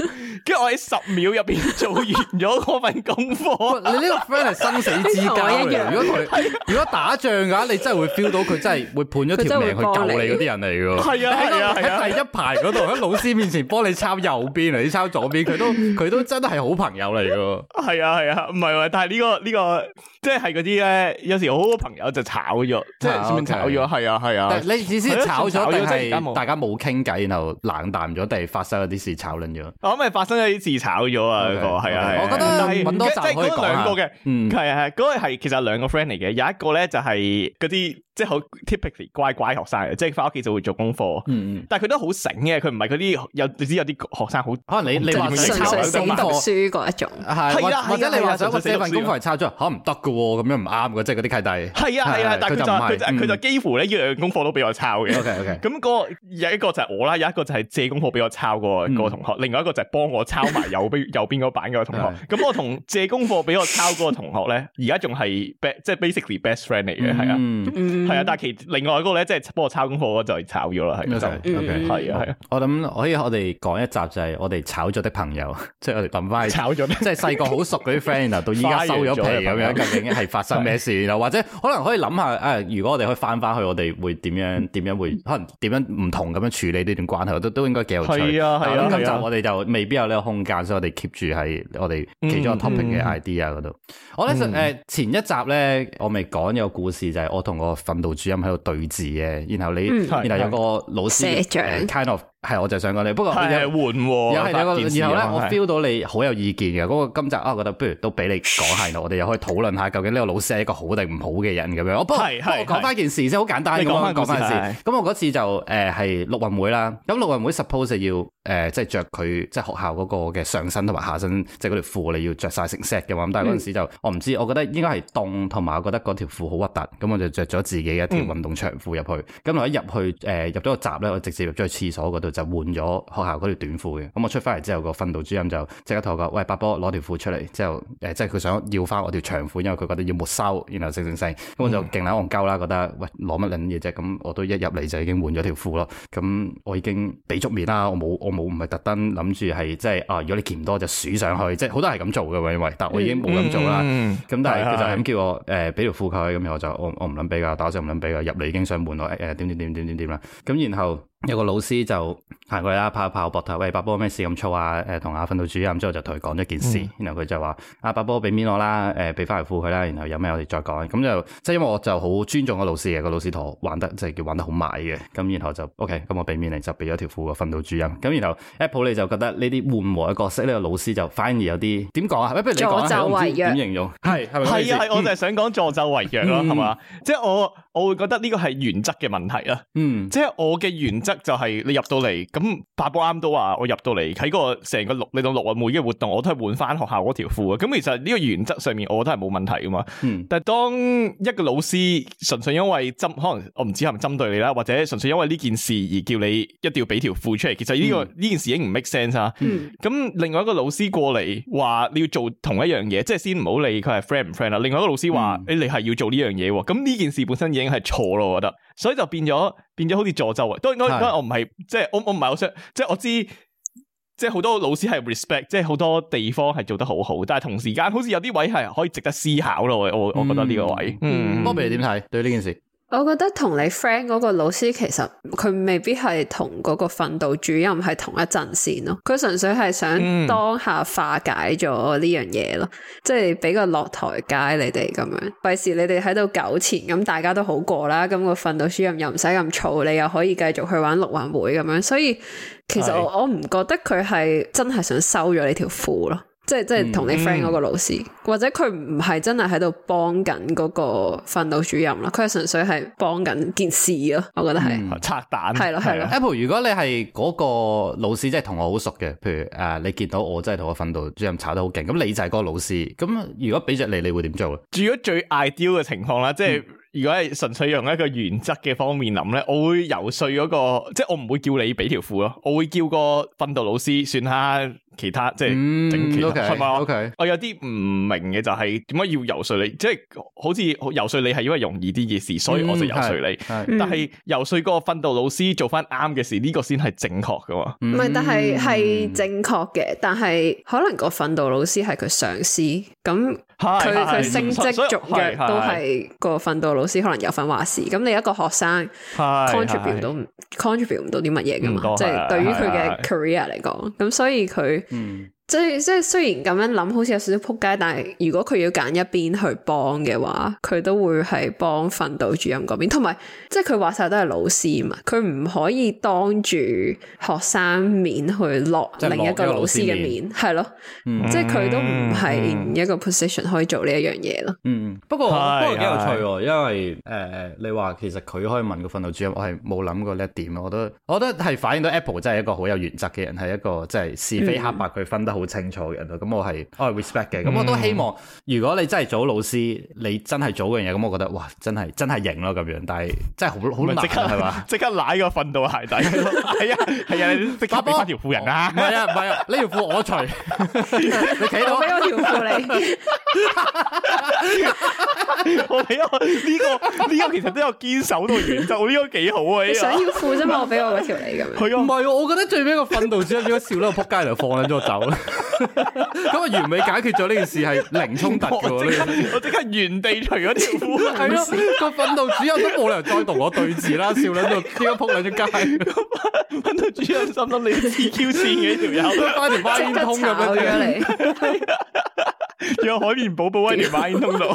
跟住我喺十秒入邊做完咗嗰份功課。 你呢個 friend 係生死之交。 如果佢如果打仗嘅話， 你真係會 feel 到佢真係會判咗條命去救你嗰啲人嚟噶。係啊， 喺第一排落喺 老師面前幫你抄右邊，你抄左邊，佢都佢都真係好朋友嚟嘅。係啊係啊，唔係喎，但係、呢個、呢個呢、呢個即係嗰啲咧，有時好多朋友就炒咗，即係炒咗係啊係啊。Okay、啊啊你意思炒咗大家冇傾偈，然後冷淡咗，定係發生咗啲事炒撚咗？我咪、啊、發生咗啲事炒咗 Okay, 啊！嗰個係啊，我覺得係是即係兩個嘅，嗯係啊係，嗰個係其實兩個 friend 嚟嘅，有一個咧就係嗰啲。即係好 typically 乖乖學生嘅，即係翻屋企就會做功課。嗯嗯。但係佢都好醒嘅，佢唔係嗰啲有，你知有啲學生好可能你你話你抄功書嗰一種係，或者你話想我寫份功課嚟抄咗，嚟，可唔得嘅？咁樣唔啱嘅，即係嗰啲契弟。係啊係啊，但佢就佢幾乎咧，樣功課都俾我抄嘅。OK OK。咁嗰有一個就係我啦，有一個就係借功課俾我抄個個同學，另外一個就係幫我抄埋右邊右邊嗰版嘅同學。咁我同借功課俾我抄嗰個同學咧，而家仲係即係 basically best friend 嚟嘅，係啊。係啊，但係其另外嗰個咧，即係幫我抄功課，我就炒咗啦，係。OK，係啊係啊。我諗可以，我哋講一集就係我哋炒咗的朋友，即係我哋諗翻，炒咗，咩？即係細個好熟嗰啲 friend 啊，到依家收咗皮咁樣，究竟係發生咩事啦？或者可能可以諗下誒，如果我哋可以翻翻去，我哋會點樣點樣會，可能點樣唔同咁樣處理呢段關係，都都應該幾有趣。係啊咁就我哋就未必有呢個空間，所以我哋 keep 住喺我哋其中個 topic 嘅 idea 嗰度。我咧就誒前一集咧，我未講有故事，就係我同個。訓導主任喺度對峙嘅，嗯、然後你，嗯、然後有個老師誒 kind of。係，我就想講你。不過又係換，又係一個，然後咧,我 feel 到你好有意見嘅。嗰個今集啊，我覺得不如都俾你講下，我哋又可以討論下究竟呢個老師係一個好定唔好嘅人咁樣。我不過講翻一件事先，好簡單。你講翻講翻件事。咁我嗰次就誒係陸運會啦。咁陸運會 suppose 要誒即係着佢即係學校嗰個嘅上身同埋下身，即係嗰條褲你要着晒成 set 嘅話。咁但係嗰陣時就我唔知，我覺得應該係凍同埋我覺得嗰條褲好核突。咁我就着咗自己一條運動長褲入去。咁我一入去誒入咗個閘咧，我直接入咗去廁所嗰度。就換咗學校嗰條短褲嘅，咁我出翻嚟之後，個訓導主任就即刻同我講：喂，伯波攞條褲出嚟。之後誒、呃，即係佢想要翻我條長褲，因為佢覺得要沒收，然後剩剩剩，咁我就勁啦，戇鳩啦，覺得喂，攞乜撚嘢啫？咁我都一入嚟就已經換咗條褲咯，咁我已經俾足面啦，我冇，我冇，唔係特登諗住係即係啊！如果你見唔多就輸上去，即係好多係咁做嘅，我認為，但我已經冇咁做啦。咁、嗯、但係佢就係咁叫我誒俾、呃、條褲佢，咁我就我我唔諗俾噶，打死唔諗俾噶，入嚟已經想換咯誒點點點點點點啦，咁、呃、然後。有個老師就行過嚟啦，拍下拍下我膊頭，喂，白波咩事咁粗啊？誒，同阿訓導主任之後就同佢講咗件事，然後佢就話：阿白波俾面我啦，誒、呃，俾翻條褲佢啦。然後有咩我哋再講。咁就即係因為我就好尊重個老師嘅，個老師同我玩得即係叫玩得好埋嘅。咁然後就 O K，咁我俾面嚟就俾咗條褲個訓導主任。咁、OK, 然後，後 Apple 你就覺得呢啲緩和嘅角色呢、這個老師就反而有啲點講啊？不如你講下，我唔知點形容，係係啊，我就係想講助紂為虐咯，係、嗯、嘛、嗯嗯？即係我。我會覺得呢個係原則嘅問題啊嗯。嗯，即係我嘅原則就係你入到嚟，咁八波啱都話我入到嚟喺個成個六你到六月尾嘅活動，我都係換翻學校嗰條褲啊，咁其實呢個原則上面我都係冇問題噶嘛，嗯，但係當一個老師純粹因為針，可能我唔知係咪針對你啦，或者純粹因為呢件事而叫你一定要俾條褲出嚟，其實呢、這個呢、嗯、件事已經唔 make sense 啊。咁、嗯、另外一個老師過嚟話你要做同一樣嘢，即係先唔好理佢係 friend 唔 friend 啊。另外一個老師話誒、嗯哎、你係要做呢樣嘢，咁呢件事本身已經係錯咯，我覺得，所以就變咗變咗好似助周圍！當然，我唔係即係我我唔係好想即係我知，即係好多老師係 respect，即係好多地方係做得好好，但係同時間好似有啲位係可以值得思考咯。我我覺得呢個位，羅比、嗯嗯、你點睇對呢件事？我覺得同你 friend 嗰個老師，其實佢未必係同嗰個訓導主任係同一陣線咯。佢純粹係想當下化解咗呢樣嘢咯，嗯、即係俾個落台階你哋咁樣。費事你哋喺度糾纏，咁大家都好過啦。咁個訓導主任又唔使咁嘈，你又可以繼續去玩陸運會咁樣。所以其實我唔覺得佢係真係想收咗你條褲咯。即係即係同你 friend 嗰個老師，嗯、或者佢唔係真係喺度幫緊嗰個訓導主任啦，佢係純粹係幫緊件事咯，我覺得係、嗯、拆彈係咯係咯。Apple，如果你係嗰個老師，即係同我好熟嘅，譬如誒，你見到我真係同個訓導主任炒得好勁，咁你就係個老師，咁如果俾着你，你會點做啊？如果最 ideal 嘅情況啦，即係、嗯。如果係純粹用一個原則嘅方面諗咧，我會游說嗰、那個，即係我唔會叫你俾條褲咯，我會叫個訓導老師算下其他，即係整其他係嘛？我有啲唔明嘅就係點解要游說你？即、就、係、是、好似游說你係因為容易啲嘅事，所以我就游說你。嗯嗯、但係游說個訓導老師做翻啱嘅事，呢、這個先係正確噶嘛？唔係、嗯，但係係正確嘅，但係可能個訓導老師係佢上司咁。佢佢升職續約都係個訓導老師可能有份話事，咁你一個學生 contribute 唔到 contribute 唔到啲乜嘢噶嘛？即係是是對於佢嘅 career 嚟講，咁所以佢。嗯即係即係，雖然咁樣諗，好似有少少撲街，但係如果佢要揀一邊去幫嘅話，佢都會係幫訓導主任嗰邊。同埋，即係佢話晒都係老師嘛，佢唔可以當住學生面去落另一個老師嘅面，係咯，嗯、即係佢都唔係一個 position 可以做呢一樣嘢咯。嗯，不過是不過幾有趣，的因為誒、呃，你話其實佢可以問個訓導主任，我係冇諗過呢一點咯。我覺得我覺得係反映到 Apple 真係一個好有原則嘅人，係一個即係、就係就係、是非黑白佢分得。好清楚嘅，人，咁我係我係 respect 嘅，咁我都希望如果你真係做老師，你真係做嘅嘢，咁我覺得哇，真係真係型咯，咁樣，但係真係好好難，係嘛？即刻賴個訓導鞋底，係啊係啊，即刻俾翻條褲人啊！唔係啊唔係啊，呢條褲我除，你企我俾我條褲你，我俾呢個呢個其實都有堅守到原則，呢個幾好啊！你想要褲啫嘛，我俾我嗰條你咁樣，係啊，唔係，我覺得最尾個訓導主任而家笑到撲街嚟放緊咗走。咁啊，完美解決咗呢件事，係零衝突㗎呢件事！我即刻原地除咗條褲。係咯，個訓導主任都冇理由再同我對峙啦。少女度，即一撲兩隻街。訓導主任心諗你 T Q 千嘅條友，翻條孖煙通咁樣。仲有海綿寶寶喺條孖煙通度。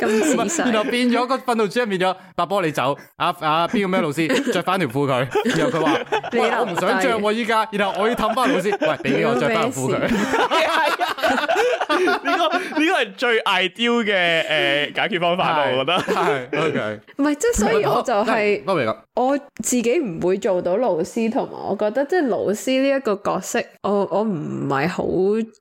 咁現實。然後變咗個訓導主任變咗白波你走。阿阿邊個咩老師？着翻條褲佢。然後佢話：我唔想着，依家。然後我要氹翻老師。喂，俾我着翻。呢個呢個係最 ideal 嘅誒解決方法對我覺得係。OK，唔係即係所以我就係我我自己唔會做到老師，同埋我覺得即係老師呢一個角色我，我我唔係好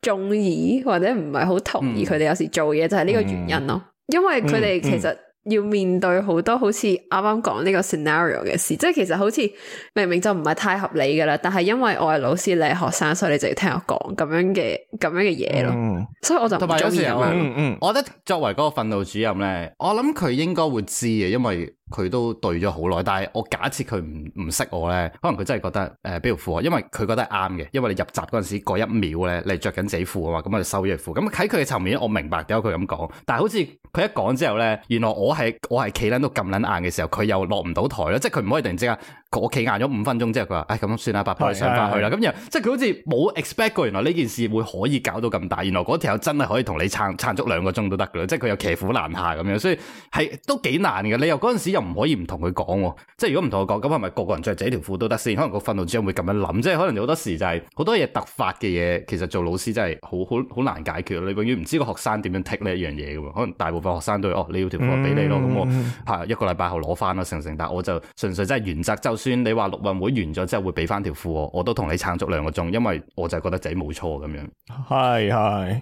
中意或者唔係好同意佢哋有時做嘢就係呢個原因咯，嗯，因為佢哋其實。要面對好多好似啱啱講呢個 scenario 嘅事，即係其實好似明明就唔係太合理噶啦，但係因為我係老師，你係學生，所以你就要聽我講咁樣嘅咁樣嘅嘢咯。嗯、所以我就唔中意咯。嗯嗯，嗯我覺得作為嗰個訓導主任咧，我諗佢應該會知嘅，因為。佢都對咗好耐，但係我假設佢唔唔識我咧，可能佢真係覺得誒、呃，比如褲啊，因為佢覺得啱嘅，因為你入閘嗰陣時嗰一秒咧，你着緊仔褲啊嘛，咁我就收熱褲，咁喺佢嘅層面，我明白點解佢咁講，但係好似佢一講之後咧，原來我係我係企撚到咁撚硬嘅時候，佢又落唔到台啦，即係佢唔可以突然之間。我企硬咗五分鐘之後，佢話，唉，咁算啦，八百上翻去啦。咁樣即係佢好似冇 expect 過，原來呢件事會可以搞到咁大。原來嗰條友真係可以同你撐撐足兩個鐘都得嘅，即係佢又騎虎難下咁樣，所以係都幾難嘅。你又嗰陣時又唔可以唔同佢講喎，即係如果唔同佢講，咁係咪個個人着住呢條褲都得先？可能個訓導主任會咁樣諗，即係可能好多時就係好多嘢突發嘅嘢，其實做老師真係好好好難解決。你永遠唔知個學生點樣 take 呢一樣嘢嘅。可能大部分學生都係，哦，你要條褲俾你咯，咁我係一個禮拜後攞翻啦，成成？但我就純粹真係原則，算你話，陸運會完咗之後會俾翻條褲我，我都同你撐足兩個鐘，因為我就係覺得仔冇錯咁樣。係係，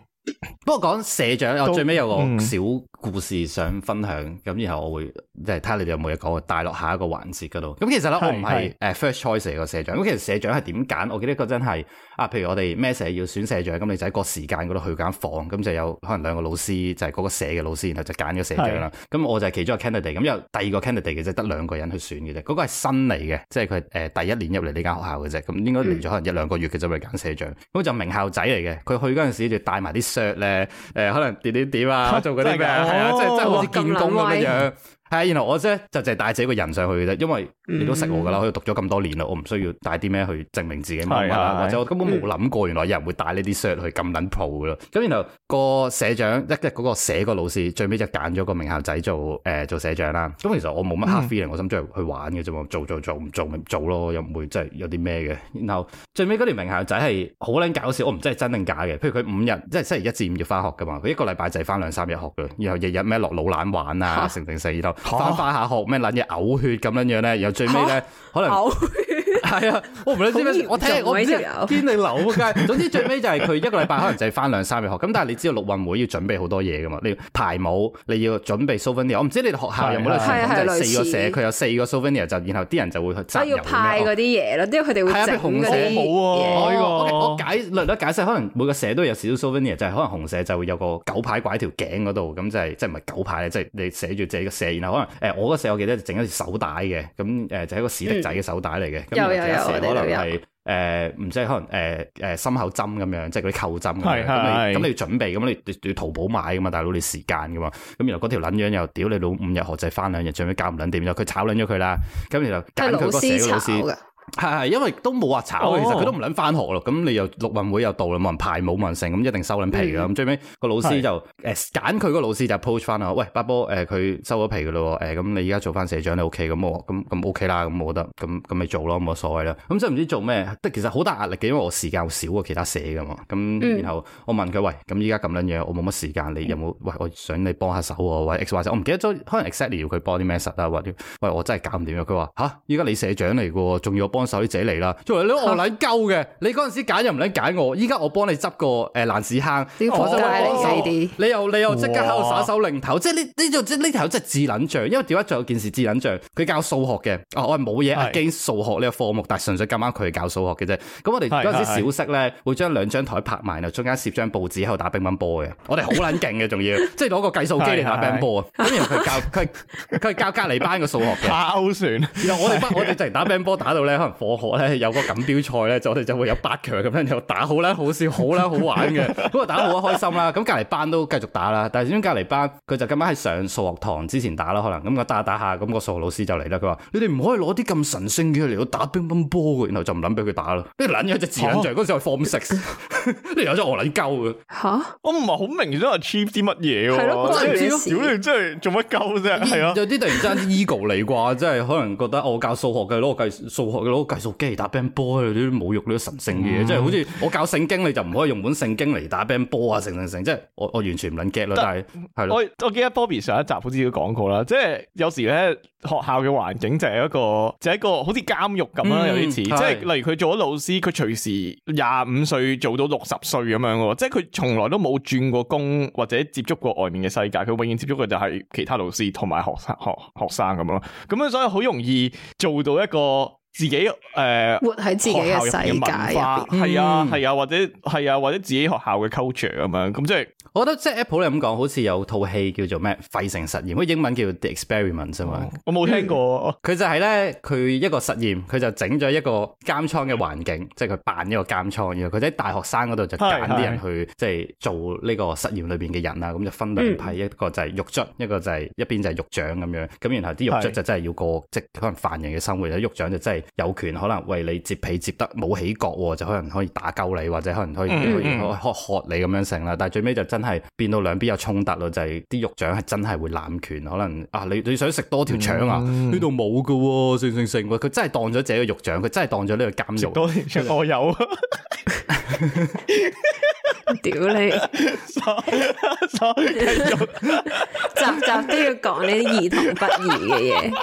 不過講社長，我最尾有個小故事想分享，咁都、嗯、然後我會即係睇下你哋有冇嘢講，帶落下一個環節嗰度。咁其實咧，我唔係誒 first choice 個社長，咁係係其實社長係點揀？我記得嗰真係。啊，譬如我哋咩社要選社長，咁你就喺個時間嗰度去間房，咁就有可能兩個老師就係、是、嗰個社嘅老師，然後就揀咗社長啦。咁我就係其中一個 candidate，咁有第二個 candidate 嘅就得兩個人去選嘅啫。嗰、那個係新嚟嘅，即係佢誒第一年入嚟呢間學校嘅啫。咁應該嚟咗可能一兩個月佢就會揀社長。咁、嗯、就名校仔嚟嘅，佢去嗰陣時就帶埋啲 shirt 咧，誒可能點點點啊，做嗰啲咩啊，係啊，即係即係好似見工咁樣。係啊，然後我即就就就帶自己一個人上去嘅啫，因為你都識我噶啦，喺度、嗯、讀咗咁多年啦，我唔需要帶啲咩去證明自己嘛，是的 或者我根本冇諗過，原來有人會帶呢啲 shirt 去咁撚 pro 噶咯。咁然後、那個社長，一、那、嗰個寫個老師，最尾就揀咗個名校仔做誒、呃、做社長啦。咁其實我冇乜 hard feeling，我心即係去玩嘅啫嘛，做做做唔做咪唔做咯，又唔會即係有啲咩嘅。然後最尾嗰年名校仔係好撚搞笑，我唔知係真定假嘅。譬如佢五日，即係星期一至五要翻學噶嘛，佢一個禮拜就係翻兩三日學嘅，然後日日咩落老懶玩啊，成成死哦、翻翻下學咩捻嘢，嘔血咁樣樣咧，然後最尾咧、啊、可能。 係啊，我唔知先啦，我聽我堅定留嘅，總之最尾就係佢一個禮拜可能就係翻兩三日學，咁但係你知道陸運會要準備好多嘢噶嘛？你要排舞，你要準備 souvenir，我唔知你哋學校有冇咧？可能是、啊、似就係四個社，佢似有四個 souvenir，就然後啲人就會去要派嗰啲嘢咯，哦、因為佢哋係紅社冇喎，我解略略解釋，可能每個社都有少少 souvenir，就係可能紅社就會有個狗牌掛喺條頸嗰度，咁就係、是、即係唔係狗牌即係、就是、你寫住自己嘅社，然後可能誒、欸、我嗰社我記得整一條手帶嘅，咁誒就係一個史迪仔嘅手帶嚟嘅。嗯可能係誒，唔、呃呃、知可能誒誒、呃呃呃，心口針咁樣，即係嗰啲扣針咁咁你要準備，咁你要你要淘寶買噶嘛，大佬你時間噶嘛。咁然後嗰條撚樣又屌你老五日，何仔翻兩日，最尾搞唔捻掂咗，佢炒撚咗佢啦。咁然後揀佢嗰社老師寶寶。係係，因為都冇話炒，哦、其實佢都唔捻翻學咯。咁、哦、你又陸運會又到啦，冇人排冇人剩，咁一定收捻皮噶。咁、嗯、最尾個老師就誒揀佢個老師就 approach 翻啦。的喂，八波誒，佢、呃、收咗皮噶咯。誒、呃，咁你而家做翻社長你 OK 咁我咁咁 OK 啦，咁我覺得咁咁咪做咯，冇乜所謂啦。咁真唔知做咩，即其實好大壓力嘅，因為我時間少過其他社噶嘛。咁、嗯、然後我問佢喂，咁依家咁樣嘢，我冇乜時間，你有冇、嗯、喂？我想你幫下手我喂 e 我唔記得咗，可能 exactly 要佢幫啲咩事啊？或喂，我真係搞唔掂佢話吓，依家、啊、你社長嚟噶，仲要。幫手啲仔嚟啦，作埋你我撚鳩嘅，你嗰陣時揀又唔撚揀我，依家我幫你執個誒爛屎坑，幫手啲，你又你又即刻喺度耍手擰頭，哇即係呢呢即呢條即係自撚象，因為點解仲有件事智能像，佢教數學嘅，啊，我係冇嘢驚數學呢個科目，但係純粹咁啱佢教數學嘅啫。咁我哋嗰陣時小息咧，會將兩張枱拍埋，然後中間攝張報紙喺度打乒乓波嘅，我哋好撚勁嘅，仲 要即係攞個計數機嚟打乒乓波啊！然後佢教佢佢係教隔離班嘅數學嘅，好算。然後我哋班我哋就係打乒乓波打到咧。可能放學咧有個錦標賽咧，就我哋就會有八強咁樣就打好啦，好笑好啦，好玩嘅，咁啊打得好開心啦。咁隔離班都繼續打啦，但係點解隔離班佢就今晚喺上數學堂之前打啦？可能咁佢打打下，咁個數學老師就嚟啦。佢話：你哋唔可以攞啲咁神聖嘅嚟到打乒乓波嘅，然後就唔諗俾佢打啦。啲撚嘢隻字撚象嗰陣時係 form six，有啲我撚鳩嘅。嚇！我唔係好明顯都係 cheap 啲乜嘢喎？係咯，少少真係做乜鳩啫？係啊，有啲突然之間啲 ego 嚟啩，即係可能覺得我教數學嘅攞我計數學我計數機打乒乓波，嗰啲侮辱呢啲神聖嘅嘢，嗯、即係好似我教聖經，你就唔可以用本聖經嚟打乒乓波啊！成成成，即係我我完全唔捻 get 啦。但係但的我我記得 Bobby 上一集好似都講過啦，即係有時咧學校嘅環境就係一個就係、是、一個好似監獄咁樣，有啲似。嗯、即係例如佢做咗老師，佢隨是的 時廿五歲做到六十歲咁樣，即係佢從來都冇轉過工或者接觸過外面嘅世界，佢永遠接觸嘅就係其他老師同埋學生學學,學生咁樣咯。咁樣所以好容易做到一個。自己、呃、活喺自己嘅世界入邊，嗯、係啊，係啊，或者係啊，或者自己學校嘅 culture 咁樣，咁即係。我覺得即係 Apple 你咁講，好似有套戲叫做咩？費城實驗，英文叫 The Experiment 啫嘛。我冇聽過。佢就係咧，佢一個實驗，佢就整咗一個監倉嘅環境，即係佢扮一個監倉。然後佢喺大學生嗰度就揀啲人去，即係做呢個實驗裏邊嘅人啦。咁就分兩派，一個就係獄卒，一個就係一邊就係獄長咁樣。咁然後啲獄卒就真係要過即可能犯人嘅生活，咧獄長就真係有權可能為你接皮接得冇起角，就可能可以打鳩你，或者可能可以可以你咁樣成啦。但係最尾就真。係變到兩邊有衝突咯，就係、是、啲獄長係真係會濫權，可能啊你你想食多條腸啊呢度冇噶，成成成，佢、hmm. 啊、真係當咗自己個獄長，佢真係當咗呢個監獄多條腸我有、啊。 屌， 你，你，所以集集都要講呢啲兒童不宜嘅嘢，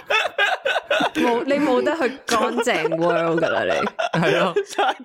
冇你冇得去乾淨 world 噶啦你，係咯，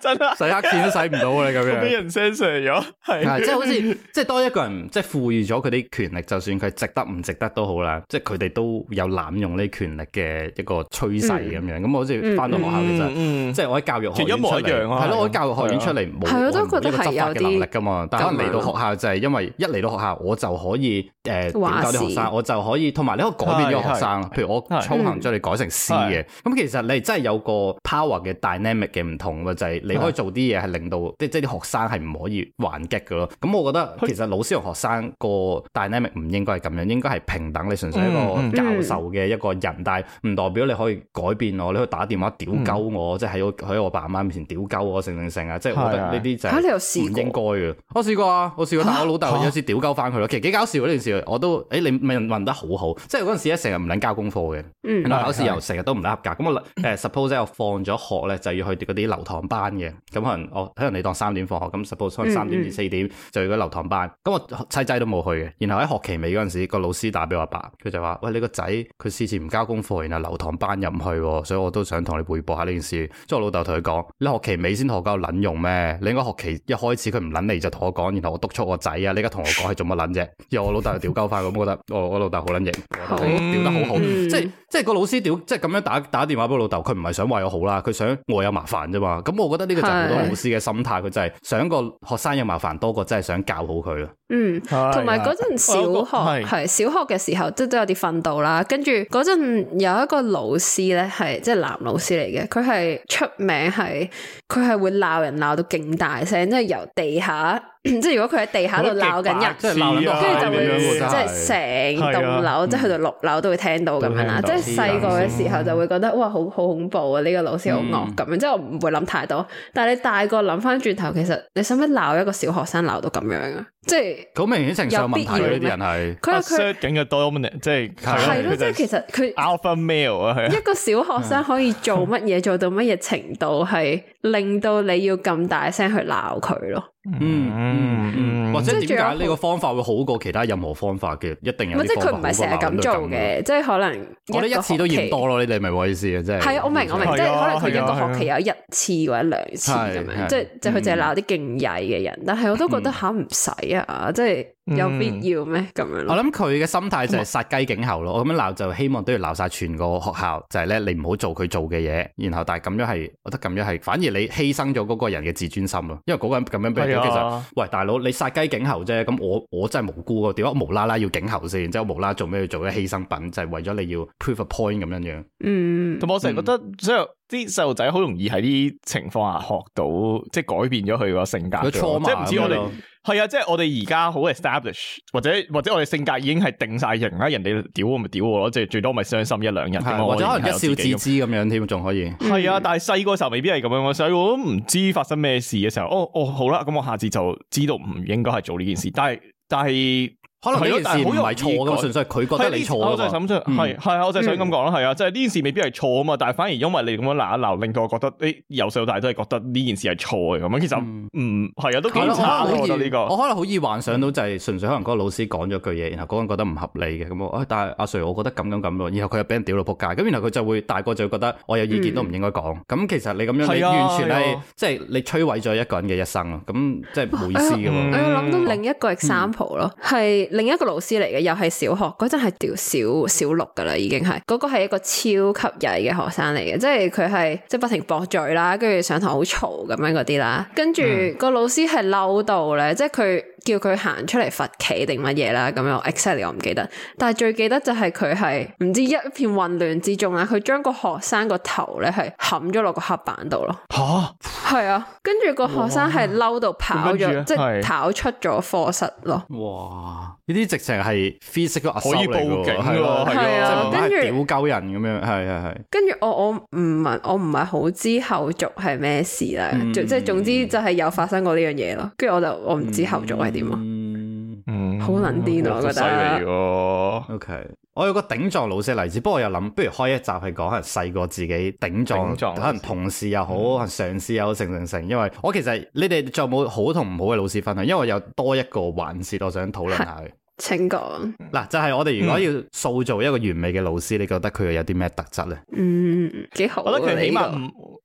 真係洗黑錢都洗唔到啦你咁樣，俾人 send 咗，係即係好似即係當一個人即係賦予咗佢啲權力，就算佢值得唔值得都好啦，即係佢哋都有濫用呢權力嘅一個趨勢咁樣，咁好似翻到學校其實，即係、嗯嗯嗯、我喺教育學，其實一模一樣啊，係咯，我喺教育學院出嚟，係了我都覺得係有啲能力噶嘛。可能嚟到學校就係因為一嚟到學校我就可以誒教啲學生，我就可以同埋你可以改變啲學生，譬如我操行將你改成 C 嘅。咁其實你真係有個 power 嘅 dynamic 嘅唔同嘅，就係你可以做啲嘢係令到即係啲學生係唔可以還擊嘅咯。咁我覺得其實老師同學生個 dynamic 唔應該係咁樣，應該係平等。你純粹係一個教授嘅一個人，但係唔代表你可以改變我，你可以打電話屌鳩我，即係喺我喺我爸媽面前屌鳩我，成成成啊！即係我覺得呢啲就係唔應該嘅。我試過啊，我試過，但我老豆有時屌鳩翻佢咯。其實幾搞笑呢件事，我都誒、欸、你問得好好，即係嗰陣時咧成日唔撚交功課嘅，然後考試又成日都唔撚合格。咁、嗯、我誒 suppose 咧我放咗學咧就要去嗰啲留堂班嘅，咁可能我可能你當三點放學，咁 suppose 可能三點至四點就要去留堂班。咁我仔仔都冇去嘅，然後喺學期尾嗰陣時，個老師打俾我阿爸，爸，佢就話：喂，你個仔佢事前唔交功課，然後留堂班入唔去，所以我都想同你彙報下呢件事。之後我老豆同佢講：你學期尾先學夠撚用咩？你應該學期一開始佢唔撚你。」就同我講，然後我督促我仔啊，你而家同我講係做乜撚啫？然後 我老豆又調教翻，我覺得我老豆好撚型，調得好好，即係、嗯。嗯即係個老師屌，即係咁樣打打電話俾老豆，佢唔係想話我好啦，佢想我有麻煩啫嘛。咁我覺得呢個就係好多老師嘅心態，佢就係想個學生有麻煩多過真係想教好佢咯。嗯，同埋嗰陣小學係、啊、小學嘅時候，都都有啲訓導啦。跟住嗰陣有一個老師咧，係即係男老師嚟嘅，佢係出名係佢係會鬧人鬧到勁大聲，即係由地下。即係如果佢喺地下度鬧緊人，跟住就會即係成棟樓，即係去到六樓都會聽到咁樣啦。即係細個嘅時候就會覺得哇，好好恐怖啊！呢個老師好惡咁樣，即係我唔會諗太多。但係你大個諗翻轉頭，其實你使唔使鬧一個小學生鬧到咁樣啊？即係好明顯情緒問題，呢啲人係佢係佢緊嘅 dominant 即係係咯，即係其實佢 alpha male 啊，一個小學生可以做乜嘢做到乜嘢程度，係令到你要咁大聲去鬧佢咯？嗯嗯嗯，嗯 或者點解呢個方法會好過其他任何方法嘅？一定有啲方法即係佢唔係成日咁做嘅，即係可能我哋一次都嫌多咯。你哋明唔明我意思啊？即係係啊，我明我明，的即係可能佢一個學期有一次或者兩次咁樣，即係即係佢淨係鬧啲勁曳嘅人，但係我都覺得吓唔使啊！即係。有必要咩咁樣？我諗佢嘅心態就係殺雞儆猴咯。嗯、我咁樣鬧就希望都要鬧晒全個學校，就係、是、咧你唔好做佢做嘅嘢。然後但係咁樣係，我覺得咁樣係反而你犧牲咗嗰個人嘅自尊心咯。因為嗰個人咁樣俾咗，的其實喂大佬你殺雞儆猴啫。咁我我真係無辜啊！點解無啦啦要儆猴先？然之後無啦啦做咩要做嘅犧牲品？就係、是、為咗你要 prove a point 咁樣樣。嗯，同埋、嗯、我成日覺得，即係啲細路仔好容易喺啲情況下學到，即、就、係、是、改變咗佢個性格。佢充我哋。係啊，即係我哋而家好 establish，或者或者我哋性格已經係定晒型啦，人哋屌我咪屌我囉，即係最多咪傷心一兩日，啊。或者可能一笑置之咁樣，添仲可以。係、嗯、啊，但係細個時候未必係咁樣，所以我都唔知發生咩事嘅時候。哦哦，好啦，咁我下次就知道唔應該係做呢件事。但係但係。可能咯，但係好唔係錯嘅，純粹佢覺得你錯嘅。我就想咁、嗯、樣，係係啊，我就係想咁講咯，係啊，即係呢件事未必係錯啊嘛，但係反而因為你咁樣鬧一鬧，令到我覺得由細到大都係覺得呢件事係錯嘅咁啊。其實唔係、嗯嗯、啊，都幾差下我覺得呢個，我可能好易幻想到就係純粹可能嗰個老師講咗句嘢，然後嗰個人覺得唔合理嘅咁啊。但係阿 Sir，我覺得咁咁咁咯，然後佢又俾人屌到仆街，咁然後佢就會大個就會覺得我有意見都唔應該講。咁、嗯、其實你咁樣，你完全係即係你摧毀咗一個人嘅一生咯。咁即係唔好意思嘅、哎。我諗到另一個 example 咯，係。嗯另一個老師嚟嘅，又係小學嗰陣係調小小六噶啦，已經係嗰、嗰個係一個超級曳嘅學生嚟嘅，即係佢係即係不停駁嘴啦，跟住上堂好嘈咁樣嗰啲啦，跟住個老師係嬲到咧，即係佢叫佢行出嚟罰企定乜嘢啦，咁樣 e x c e m 我唔、exactly，記得，但係最記得就係佢係唔知一片混亂之中啦，佢將個學生個頭咧係冚咗落個黑板度咯。吓蛤，係啊，跟住個學生係嬲到跑咗，即係跑出咗課室咯。哇！呢啲直情係 physical assault 嚟嘅，可以報警係啊，跟住屌鳩人咁樣，係係係。跟住我我唔唔我唔係好知後續係咩事啦、嗯，即即總之就係有發生過呢樣嘢咯。跟住我就我唔知後續係點啊，好撚癲我覺得。犀利咯。OK。我有個頂撞老師嘅例子，不過我又諗，不如開一集係講可能細個自己頂撞，頂撞可能同事又好，嗯、上司又好，成成成。因為我其實你哋仲有冇好同唔好嘅老師分享？因為我有多一個環節，我想討論下佢。請講嗱、嗯，就係、是、我哋如果要塑造一個完美嘅老師，你覺得佢又有啲咩特質咧？嗯，幾好。我覺得佢起碼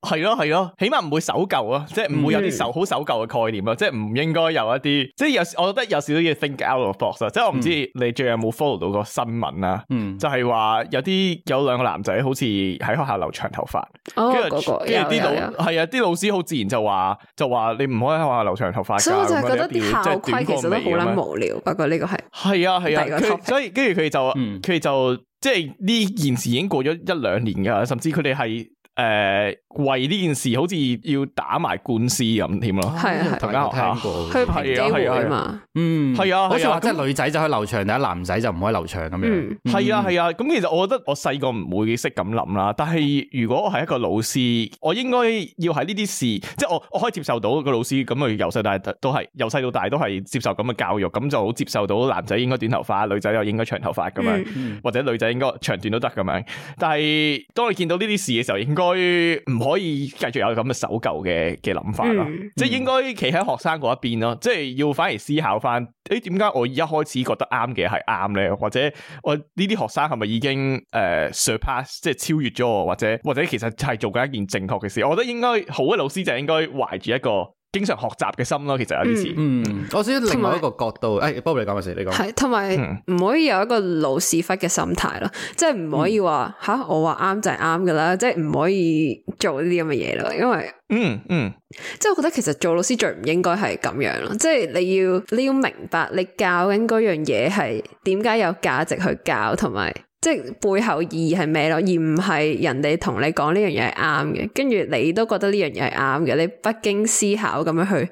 係咯，係咯，起碼唔會守舊啊，即係唔會有啲守好守舊嘅概念啊，即係唔應該有一啲，即係有我覺得有少少嘢。think out of box 啊,即係我唔知你最有冇 follow 到個新聞啦，就係話有啲有兩個男仔好似喺學校留長頭髮，跟住跟住啲老係啊，啲老師好自然就話就話你唔可以喺學校留長頭髮，所以我就覺得校規其實都好撚無聊，不過呢個係，係啊係啊，所以跟住佢哋就佢哋就即係呢件事已經過咗一兩年噶，甚至佢哋係。誒，為呢件事好似要打埋官司咁添咯，係啊，同間學校。係啊，係啊，係啊。嗯，係啊，係啊，即係女仔就可以留長，但係男仔就唔可以留長咁樣，係啊，係啊，咁其實我覺得我細個唔會識咁諗啦，但係如果我係一個老師，我應該要係呢啲事，即係我我可以接受到個老師咁佢由細大都係由細到大都係接受咁嘅教育，咁就好接受到男仔應該短頭髮，女仔又應該長頭髮咁樣，或者女仔應該長短都得咁樣，但係當你見到呢啲事嘅時候，應該。再唔可以繼續有咁嘅守舊嘅嘅諗法咯、啊嗯啊，即係應該企喺學生嗰一邊咯，即係要反而思考翻，誒、欸，點解我一開始覺得啱嘅係啱咧？或者我呢啲學生係咪已經誒、呃、surpass，即係超越咗我？或者或者其實係做緊一件正確嘅事？我覺得應該好嘅老師就應該懷住一個。經常學習嘅心咯，其實有啲似、嗯。嗯，我想另外一個角度，誒有，不如、哎、你講咪先，你講。係，同埋唔可以有一個老屎忽嘅心態咯，即係唔可以話吓、嗯、我話啱就係啱噶啦，即係唔可以做呢啲咁嘅嘢咯，因為嗯嗯，即、嗯、係我覺得其實做老師最唔應該係咁樣咯，即、就、係、是、你要你要明白你教緊嗰樣嘢係點解有價值去教，同埋。即係背後意義係咩咯？而唔係人哋同你講呢樣嘢係啱嘅，跟住你都覺得呢樣嘢係啱嘅，你不經思考咁樣去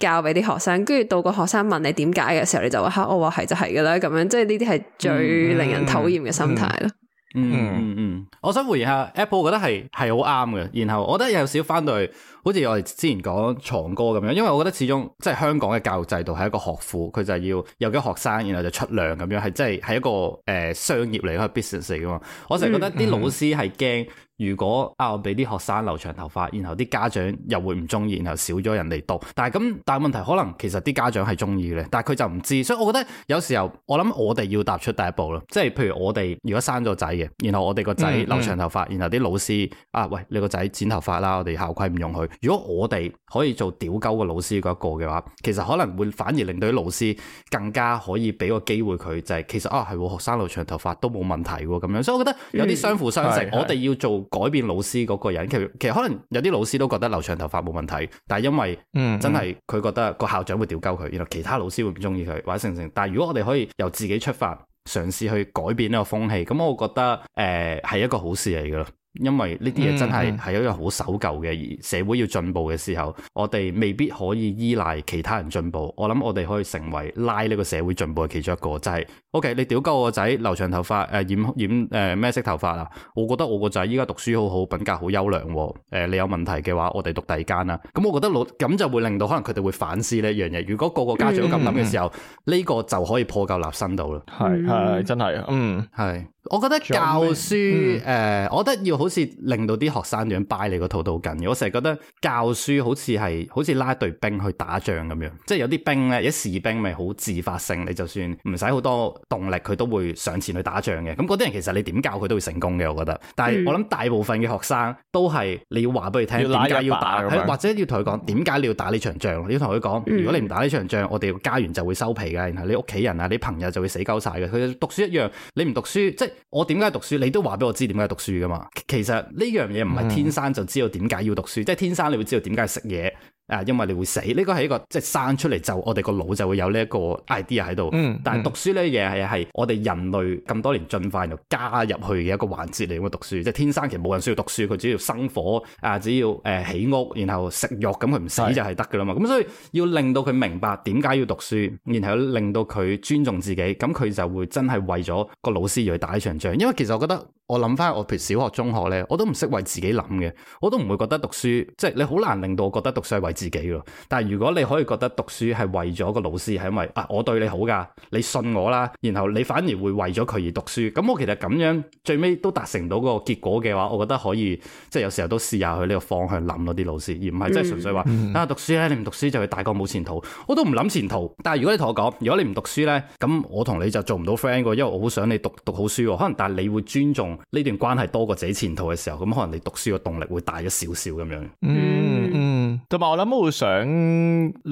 教畀啲學生，跟住到個學生問你點解嘅時候，你就話吓、啊、我話係就係噶啦，咁樣即係呢啲係最令人討厭嘅心態咯。嗯嗯嗯嗯嗯嗯，mm hmm. mm hmm. 我想回下 Apple，我覺得係係好啱嘅。然後我覺得有少少反對，好似我哋之前講藏歌咁樣，因為我覺得始終即係香港嘅教育制度係一個學府，佢就要有啲學生，然後就出糧咁樣，係即係係一個誒、呃、商業嚟嘅 business 嚟嘅嘛。我成日覺得啲老師係驚。Mm hmm. 如果啊我俾啲學生留長頭髮，然後啲家長又會唔中意，然後少咗人嚟讀。但係咁，但係問題可能其實啲家長係中意咧，但係佢就唔知。所以我覺得有時候我諗我哋要踏出第一步咯，即係譬如我哋如果生咗仔嘅，然後我哋個仔留長頭髮，嗯嗯、然後啲老師啊，喂你個仔剪頭髮啦，我哋校規唔容許。如果我哋可以做屌鳩個老師嗰一個嘅話，其實可能會反而令到啲老師更加可以俾個機會佢，就係、是、其實啊係學生留長頭髮都冇問題喎咁樣。所以我覺得有啲相輔相成，嗯、我哋要做。改變老師嗰個人，其實其實可能有啲老師都覺得留長頭髮冇問題，但係因為真係佢覺得個校長會屌鳩佢，然後其他老師會唔中意佢，或者成成。但係如果我哋可以由自己出發，嘗試去改變呢個風氣，咁我覺得誒係、呃、一個好事嚟嘅咯。因為呢啲嘢真係係一個好守舊嘅社會，要進步嘅時候，我哋未必可以依賴其他人進步。我諗我哋可以成為拉呢個社會進步嘅其中一個，就係、是、OK 你。你屌鳩我個仔留長頭髮，誒、呃、染染誒咩、呃、色頭髮啊？我覺得我個仔依家讀書好好，品格好優良啊。誒、呃，你有問題嘅話，我哋讀第二間啦。咁我覺得老咁就會令到可能佢哋會反思呢一樣嘢。如果個個家長都咁諗嘅時候，呢個就可以破舊立新到啦。係係真係，嗯係。嗯我覺得教書誒、嗯呃，我覺得要好似令到啲學生樣掰你個肚度好緊嘅。我成日覺得教書好似係好似拉隊兵去打仗咁樣，即係有啲兵咧，有士兵咪好自發性，你就算唔使好多動力，佢都會上前去打仗嘅。咁嗰啲人其實你點教佢都會成功嘅，我覺得。但係我諗大部分嘅學生都係你要話俾佢聽點解要打，或者要同佢講點解你要打呢場仗。你、嗯、要同佢講，如果你唔打呢場仗，我哋個家園就會收皮㗎，然後你屋企人啊、你朋友就會死鳩晒嘅。佢讀書一樣，你唔讀書即係我點解讀書？你都話俾我知點解讀書㗎嘛？其實呢樣嘢唔係天生就知道點解要讀書，嗯、即係天生你會知道點解食嘢。誒，因為你會死，呢個係一個即係生出嚟就我哋個腦就會有呢一個 idea 喺度。嗯，但係讀書呢嘢係係我哋人類咁多年進化就加入去嘅一個環節嚟。咁啊讀書，即係天生其實冇人需要讀書，佢只要生火，啊只要誒、呃、起屋，然後食肉咁佢唔死就係得噶啦嘛。咁的所以要令到佢明白點解要讀書，然後令到佢尊重自己，咁佢就會真係為咗個老師而去打一場仗。因為其實我覺得我諗翻我譬如小學中學咧，我都唔識為自己諗嘅，我都唔會覺得讀書即係、就是、你好難令到我覺得讀書係為。自己咯，但係如果你可以覺得讀書係為咗個老師，係因為啊我對你好噶，你信我啦，然後你反而會為咗佢而讀書，咁我其實咁樣最尾都達成到個結果嘅話，我覺得可以即係有時候都試下去呢個方向諗咯啲老師，而唔係即係純粹話、嗯嗯、啊讀書咧，你唔讀書就會大個冇前途，我都唔諗前途。但係如果你同我講，如果你唔讀書咧，咁我同你就做唔到 friend 個，因為我好想你讀讀好書，可能但係你會尊重呢段關係多過自己前途嘅時候，咁可能你讀書嘅動力會大一少少咁樣。嗯。同埋我諗會想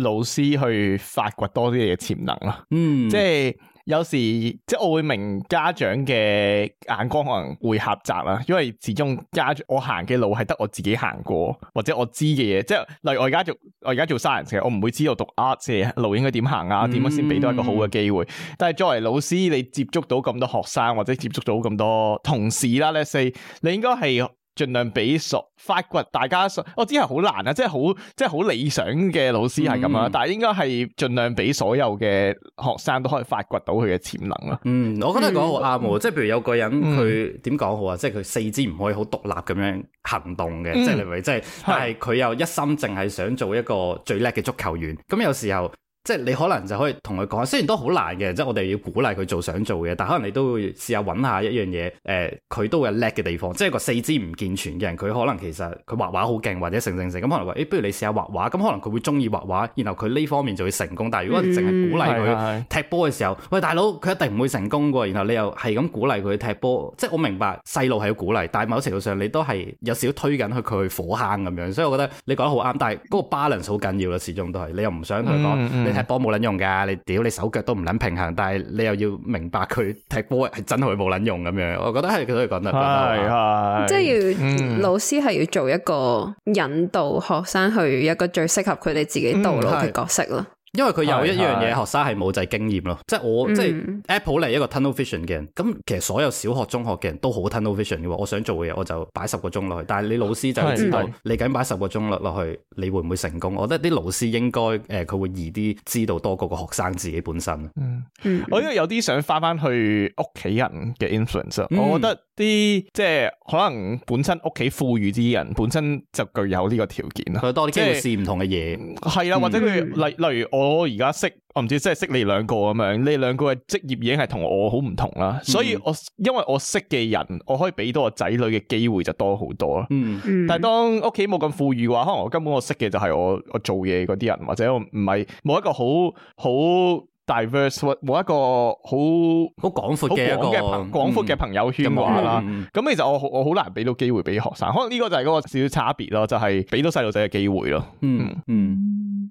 老師去發掘多啲嘢潛能啦，嗯，即係有時即係我會明家長嘅眼光可能會狹窄啦，因為始終家長我行嘅路係得我自己行過或者我知嘅嘢，即係例如我而家做我而家做 science 我唔會知道讀 art 嘅路應該點行啊，點樣先俾到一個好嘅機會。嗯、但係作為老師，你接觸到咁多學生或者接觸到咁多同事啦，let's say, 你應你應該係。盡量俾所發掘，大家我知係好難啊，即係好即係好理想嘅老師係咁啊，嗯、但係應該係盡量俾所有嘅學生都可以發掘到佢嘅潛能啦。嗯，我覺得講得好啱啊，嗯、即係譬如有個人佢點講好啊，即係佢四肢唔可以好獨立咁樣行動嘅，嗯、即係你咪即係，是但係佢又一心淨係想做一個最叻嘅足球員，咁有時候。即係你可能就可以同佢講，雖然都好難嘅，即係我哋要鼓勵佢做想做嘅，但可能你都會試下揾下一樣嘢，誒、呃、佢都會有叻嘅地方，即係個四肢唔健全嘅人，佢可能其實佢畫畫好勁，或者成成成咁可能話，誒、欸、不如你試下畫畫，咁可能佢會中意畫畫，然後佢呢方面就會成功。但係如果淨係鼓勵佢踢波嘅時候，嗯、喂，大佬佢一定唔會成功㗎，然後你又係咁鼓勵佢踢波，即係我明白細路係要鼓勵，但係某程度上你都係有少少推緊佢，佢去火坑咁樣，所以我覺得你講得好啱，但係嗰個 balance 好緊要啦，始終都係你又唔想佢講。嗯嗯踢波冇撚用㗎，你屌你手腳都唔撚平衡，但係你又要明白佢踢波係真係冇撚用咁樣。我覺得係佢都係講得，係係、嗯、即係要老師係要做一個引導學生去一個最適合佢哋自己道路嘅角色咯。是是因為佢有一樣嘢，是是學生係冇就係、是、經驗咯，即係我、嗯、即係 Apple 嚟一個 Tunnel Vision 嘅人，咁其實所有小學、中學嘅人都好 Tunnel Vision 嘅，我想做嘅嘢我就擺十個鐘落去，但係你老師就要知道你緊擺十個鐘落落去，你會唔會成功？我覺得啲老師應該誒佢、呃、會易啲知道多過個學生自己本身。嗯、我因為有啲想翻翻去屋企人嘅 influence，我覺得啲即係可能本身屋企富裕啲人，本身就具有呢個條件佢即、嗯、多啲機會試唔同嘅嘢，係啦、嗯，或者佢例例如我。我而家識，我唔知即係識你兩個咁樣，你兩個嘅職業已經係同我好唔同啦，所以我、嗯、因為我識嘅人，我可以俾到我仔女嘅機會就多好多啦。嗯嗯，但係當屋企冇咁富裕嘅話，可能我根本我識嘅就係我我做嘢嗰啲人，或者我唔係冇一個好好 diverse，冇一個好好廣闊嘅廣闊嘅朋友圈話啦。咁、嗯嗯、其實我我好難俾到機會俾學生，可能呢個就係嗰個少少差別咯，就係俾到細路仔嘅機會咯。嗯嗯，嗯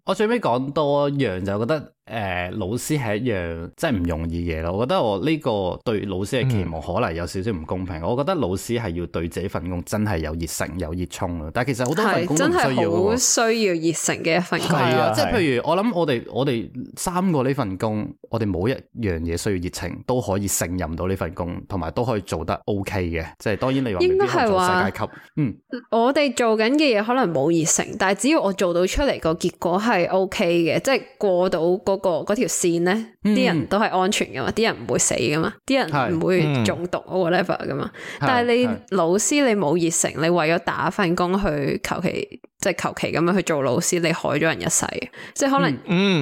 我最尾講到楊就覺得。誒、呃，老師係一樣真係唔容易嘅咯。我覺得我呢個對老師嘅期望可能有少少唔公平。嗯、我覺得老師係要對自己份工真係有熱誠、有熱衷咯。但係其實好多份工唔需要嘅。係真係好需要熱誠嘅一份工。係啊，即係譬如我諗，我哋我哋三個呢份工，我哋冇一樣嘢，需要熱誠都可以勝任到呢份工，同埋都可以做得 OK 嘅。即係當然你話應該係話世界級。嗯，我哋做緊嘅嘢，可能冇熱誠，但係只要我做到出嚟個結果係 OK 嘅，即係過到個嗰、嗰個嗰條線咧，啲、嗯、人都係安全噶嘛，啲人唔會死噶嘛，啲是人唔會中毒嗰個 level 噶嘛。但係你老師你冇熱誠，你為咗打份工去求其。即係求其咁樣去做老師，你害咗人一世。即係可能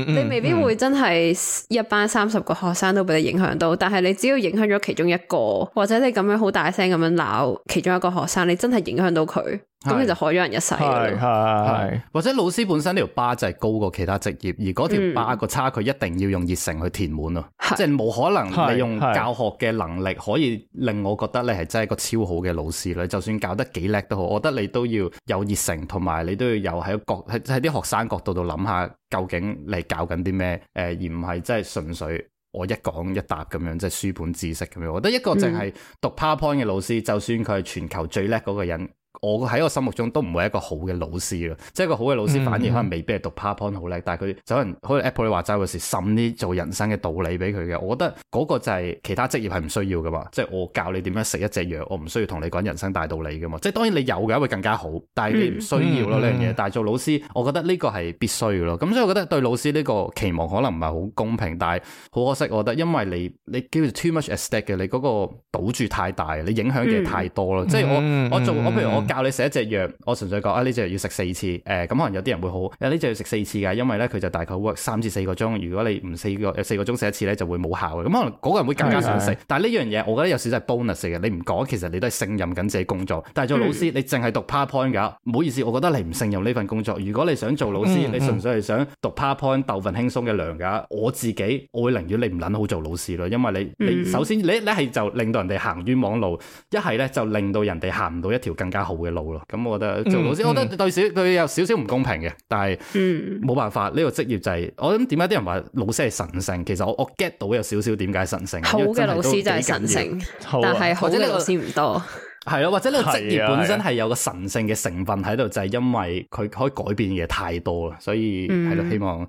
你未必會真係一班三十個學生都俾你影響到，嗯嗯嗯、但係你只要影響咗其中一個，或者你咁樣好大聲咁樣鬧其中一個學生，你真係影響到佢，咁是你就害咗人一世㗎。或者老師本身呢條巴就係高過其他職業，而嗰條巴個差距一定要用熱誠去填滿咯。嗯、是即係冇可能你用教學嘅能力可以令我覺得你係真係一個超好嘅老師啦。就算教得幾叻都好，我覺得你都要有熱誠同埋。你都要有喺個喺喺啲學生角度度諗下，究竟你搞緊啲咩？誒，而唔係即係純粹我一講一答咁樣，即係書本知識咁樣。我覺得一個淨係讀 PowerPoint 嘅老師，嗯、就算佢係全球最叻嗰個人。我喺我心目中都唔係一個好嘅老師咯，即係個好嘅老師反而可能未必係讀 PowerPoint、嗯、好叻，但係佢就可能好 Apple 你話齋嗰時滲啲做人生嘅道理俾佢嘅。我覺得嗰個就係其他職業係唔需要噶嘛，即係我教你點樣食一隻藥，我唔需要同你講人生大道理噶嘛。即係當然你有嘅話會更加好，但係你唔需要咯呢樣嘢。嗯嗯、但係做老師，我覺得呢個係必須噶咯。咁所以我覺得對老師呢個期望可能唔係好公平，但係好可惜，我覺得因為你你叫做 too much at stake 嘅，你嗰個賭注太大，你影響嘅太多咯。嗯嗯、即係我我做我譬如我。教你寫一隻藥，我純粹講啊，呢隻要食四次，誒、呃、咁、嗯、可能有啲人會好，因呢隻要食四次㗎，因為咧佢就大概 work 三至四個鐘，如果你唔四個四個鐘寫一次咧，就會冇效嘅。咁、嗯、可能嗰個人會更加想食，是是但係呢樣嘢我覺得有少少係 bonus 嚟嘅，你唔講其實你都係勝任緊自己工作。但係做老師、嗯、你淨係讀 PowerPoint 㗎，唔好意思，我覺得你唔勝任呢份工作。如果你想做老師，嗯嗯，你純粹係想讀 PowerPoint 鬥份輕鬆嘅糧㗎。我自己我會寧願你唔撚好做老師啦，因為你你首先你你係就令到人哋行冤枉路，一係咧就令到人哋行唔到一條更加嘅路咯，咁我覺得做老師，嗯、我覺得對少佢、嗯、有少少唔公平嘅，但係冇辦法呢、嗯、個職業就係、是、我諗點解啲人話老師係神聖，其實我我 get 到有少少點解神聖，好嘅老師就係神聖，啊、但係好嘅老師唔多。 係咯，或者你個職業本身係有個神聖嘅成分喺度，的就係因為佢可以改變嘅嘢太多啦，所以係咯、嗯，希望唔、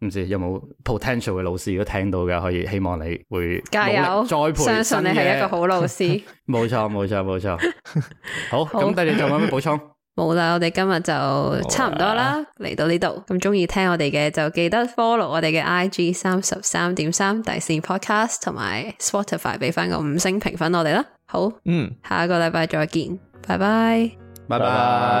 嗯、知有冇 potential 嘅老師如果聽到嘅，可以希望你會加油栽培，相信你係一個好老師。冇錯， 冇錯，冇錯。 好，咁跟住仲有冇咩補充？冇啦， 我哋今日就差唔多啦，嚟了到呢度，咁中意聽我哋嘅就記得 follow 我哋嘅 I G 三十三點三第四 podcast 同埋 Spotify，俾翻個五星評分我哋啦。好，嗯，下個禮拜再見，拜拜，拜拜。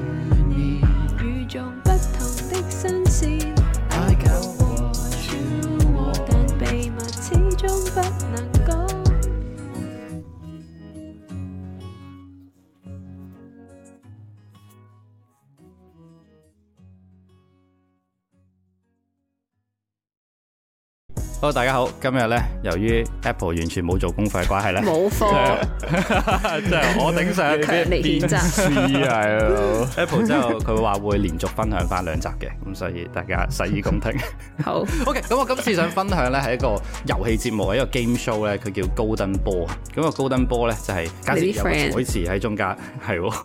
Hello 大家好。今日咧，由於 Apple 完全冇做功課嘅關係咧，冇課，真係我頂上一啲編輯啊！Apple 之後佢話會連續分享返兩集嘅，咁所以大家洗耳恭聽。 好，OK。咁我今次想分享咧係一個遊戲節目啊， 一個 game show 咧，佢叫 Golden Ball。咁個 Golden Ball 咧就係假設有個彩池喺中間，係佢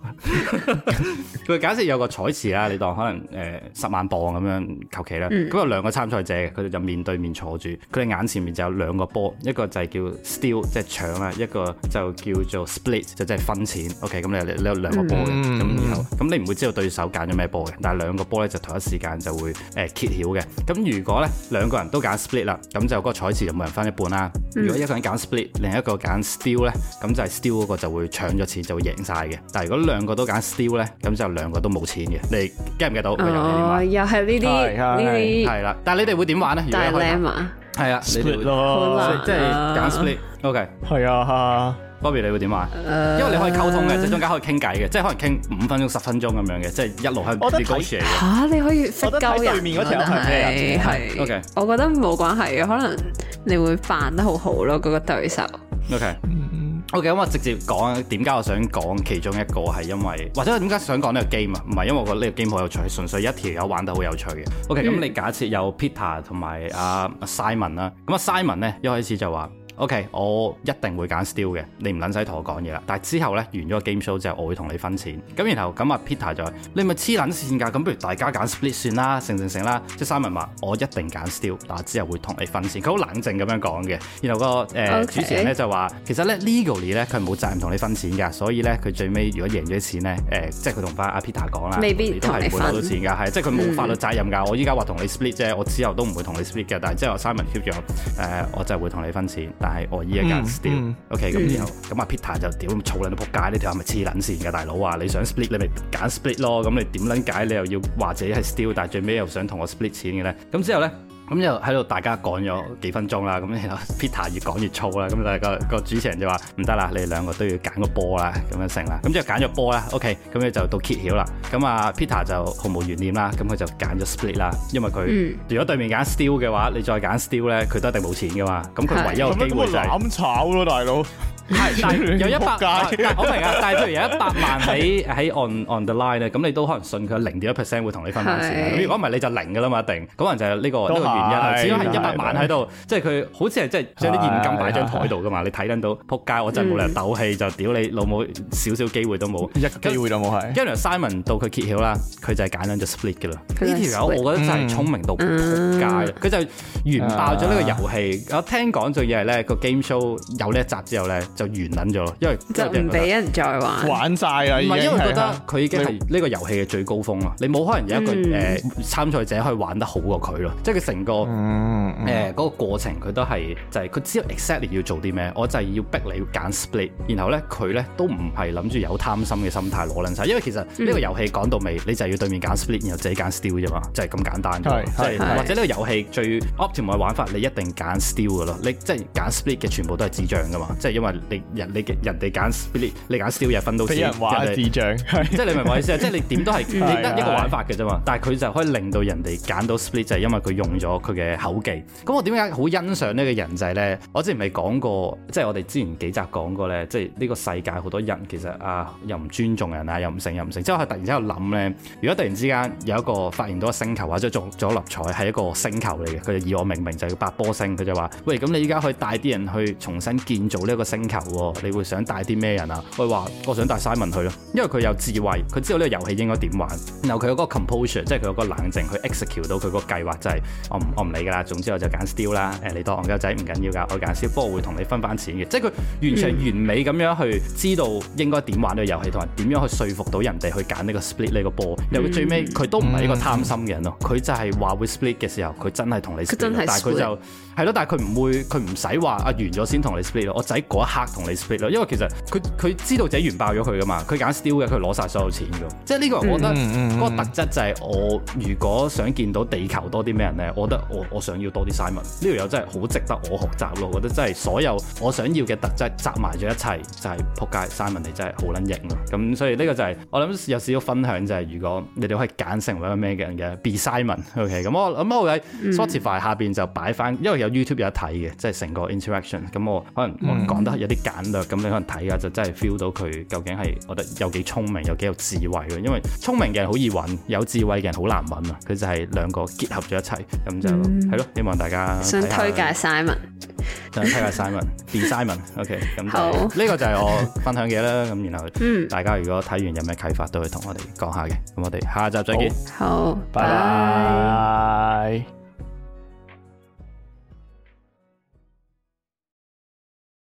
對、哦、 假設有個彩池啦，你當可能誒、呃、十萬磅咁樣求其啦。咁、嗯、有兩個參賽者，佢哋就面對面坐住。佢哋眼前面就有兩個波，一個就係叫 steal 即係搶啦，一個就叫做 split 就即係分錢。OK，咁你你有兩個波嘅，咁咁、嗯、你唔會知道對手揀咗咩波嘅，但係兩個波咧就同一時間就會誒、欸、揭曉嘅。咁如果咧兩個人都揀 split 啦，咁就個彩池就冇人分一半啦。嗯、如果一個人揀 split，另一個揀 steal 咧，咁就係 steal 嗰個就會搶咗錢就會贏晒嘅。但係如果兩個都揀 steal 咧，咁就兩個都冇錢嘅。你 get 唔 get 到？哦、又係呢啲呢啲係啦，但係你哋會點玩咧？大 l 係啊你 p l 咯，即係揀 split，OK，係啊，哈，Bobby 你會點啊？Uh、因為你可以溝通嘅，即係中間可以傾偈嘅，即係可能傾五分鐘、十分鐘咁樣嘅，即係一路喺度睇高射嘅。吓，你可以摔跤嘅，但係係，OK，我覺得冇關係嘅，可能你會扮得好好咯，嗰、嗰個對手，OK、嗯。O.K. 咁我直接講點解我想講其中一個係因為，或者點解想講呢個 game 啊？唔係因為我覺得呢個 game 好有趣，純粹一條友玩得好有趣嘅。O.K. 咁、嗯、你假設有 Peter 同埋、uh, Simon 啦，咁 Simon 呢一開始就話。OK，我一定會揀 still 嘅，你唔撚使同我講嘢啦。但係之後呢，完咗個 game show 之後，我會同你分錢。咁然後咁阿 Peter 就話你咪黐撚線㗎，咁不如大家揀 split 算啦，成成成啦，即 Simon 話，我一定揀 still，但之後會同你分錢。佢好冷靜咁樣講嘅。然後個誒主持人呢就話，其實呢 legally 呢，佢冇責任同你分錢㗎，所以呢，佢最尾如果贏咗啲錢咧，即係佢同翻阿 Peter 講啦，未必，都係唔會攞到錢㗎，係即係佢冇法律責任㗎。我依家話同你 split 啫，我之後都唔會同你 split 嘅，但係即係 Simon keep 咗，誒我就會同你分錢。但係，我依一間 still，OK，咁然後，咁阿 Peter 就屌咁嘈撚到撲街，呢條係咪黐撚線㗎？大佬啊，你想 split 你咪揀 split 咯，咁你點撚解？你又要話自己係 still，但係最尾又想同我 split 錢嘅咧？咁、嗯、之後咧。咁就喺度大家講咗幾分鐘啦，咁然後 Peter 越講越粗啦，咁但係個個主持人就話唔得啦，你哋兩個都要揀個波啦，咁樣成啦，咁就揀咗波啦，OK，咁你就到揭曉啦，咁啊 Peter 就毫無懸念啦，咁佢就揀咗 Split 啦，因為佢如果對面揀 Steal 嘅話，你再揀 Steal 咧，佢都一定冇錢㗎嘛，咁佢唯一嘅機會就係、是。咁攬炒咯，大佬。係，但係有一百，好明啊，但係譬如有一百萬喺喺 on on the line 咧，咁你都可能信佢零點一 percent 會同你分翻錢。如果唔係你就零噶啦嘛，定可能就係呢個呢個原因。只要係一百萬喺度，即係佢好似係即係將啲現金擺喺張台度噶嘛，你睇得到。撲街，我真係冇理由鬥氣就屌你老母，少少機會都冇，一機會都冇係。一來 Simon 到佢揭曉啦，佢就係揀兩隻就 split 噶啦。呢條友我覺得真係聰明到撲街，佢就完爆咗呢個遊戲。我聽講仲要係咧個 game show 有呢一集之後咧。就完捻咗咯，因為就唔俾人再玩玩曬啦、啊。唔係，因為覺得佢已經係呢個遊戲嘅最高峰啦。的你冇可能有一個誒、嗯呃、參賽者可以玩得好過佢咯。即係佢成個誒嗰、嗯嗯呃那個過程，佢都係就係、是、佢知道 exactly 要做啲咩，我就係要逼你要揀 split。然後咧，佢咧都唔係諗住有貪心嘅心態攞捻晒。因為其實呢個遊戲講到尾，嗯、你就係要對面揀 split，然後自己揀 steal 啫嘛，就係、是、咁簡單。即係的或者呢個遊戲最 optimal 嘅玩法，你一定揀 steal 噶咯。你即係揀 split 嘅全部都係智障噶嘛，即係因為。人你人哋嘅人哋揀 split，你揀 steal 瞓到錢。人話家，智障， 即係你明唔明我意思啊！ 即係你點都係你得一個玩法嘅啫嘛。 對但係佢就可以令到人哋揀到 split，就係因為佢用咗佢嘅口技。咁我點解好欣賞呢個人就係咧？我之前咪講過，即係我哋之前幾集講過咧，即係呢個世界好多人其實啊，又唔尊重人啊，又唔成又唔成。之後我突然之間諗咧，如果突然之間有一個發現到個星球或者中咗六合彩係一個星球嚟嘅，佢以我命名就叫八波星。佢就話：喂，咁你而家可以帶啲人去重新建造呢一個星球。你會想帶啲咩人啊？我話我想帶 Simon 去咯，因為佢有智慧，佢知道呢個遊戲應該點玩。然後佢有嗰個 composure，即係佢有嗰個冷靜去 execute 到佢個計劃。就係、是、我唔我唔理噶啦，總之我就揀 steal 啦、哎。誒，你當憨鳩仔唔緊要噶，我揀 steal 不過會同你分翻錢嘅。即係佢完全係完美咁樣去知道應該點玩呢個遊戲，同埋點樣去説服到人哋去揀呢個 split 呢個波。然、嗯、後最尾佢都唔係一個貪心嘅人咯，佢、嗯嗯、就係話會 split 嘅時候，佢真係同你 split，但係佢就。係咯，但係佢唔會，佢唔使話啊完咗先同你 split 咯。我仔嗰一刻同你 split 咯，因為其實佢佢知道自己完爆咗佢㗎嘛，佢揀 steal 嘅，佢攞晒所有錢嘅。即係呢個，我覺得嗰個特質就係我如果想見到地球多啲咩人咧，我覺得我我想要多啲 Simon。呢條友真係好值得我學習咯。我覺得真係所有我想要嘅特質集埋咗一齊，就係、是、撲街 Simon 你真係好撚型咯。咁所以呢個就係、是、我諗有少少分享就係，如果你哋可以揀成為一個咩人嘅 Be Simon，OK？、Okay？咁我咁我喺 Spotify 下邊就擺翻，因為 YouTube 有得睇嘅，即係成個 interaction。咁我可能講得有啲簡略，咁、嗯、你可能睇下就真係 feel 到佢究竟係，我覺得有幾聰明，有幾有智慧咯。因為聰明嘅人好易揾，有智慧嘅人好難揾啊。佢就係兩個結合咗一齊，咁就係咯、嗯。希望大家想推介 Simon，想推介 Simon designer。OK，咁呢好個就係我分享嘅嘢啦。咁 然後大家如果睇完有咩啟發都會，都可以同我哋講下嘅。咁我哋下集再見。好，拜拜。Bye bye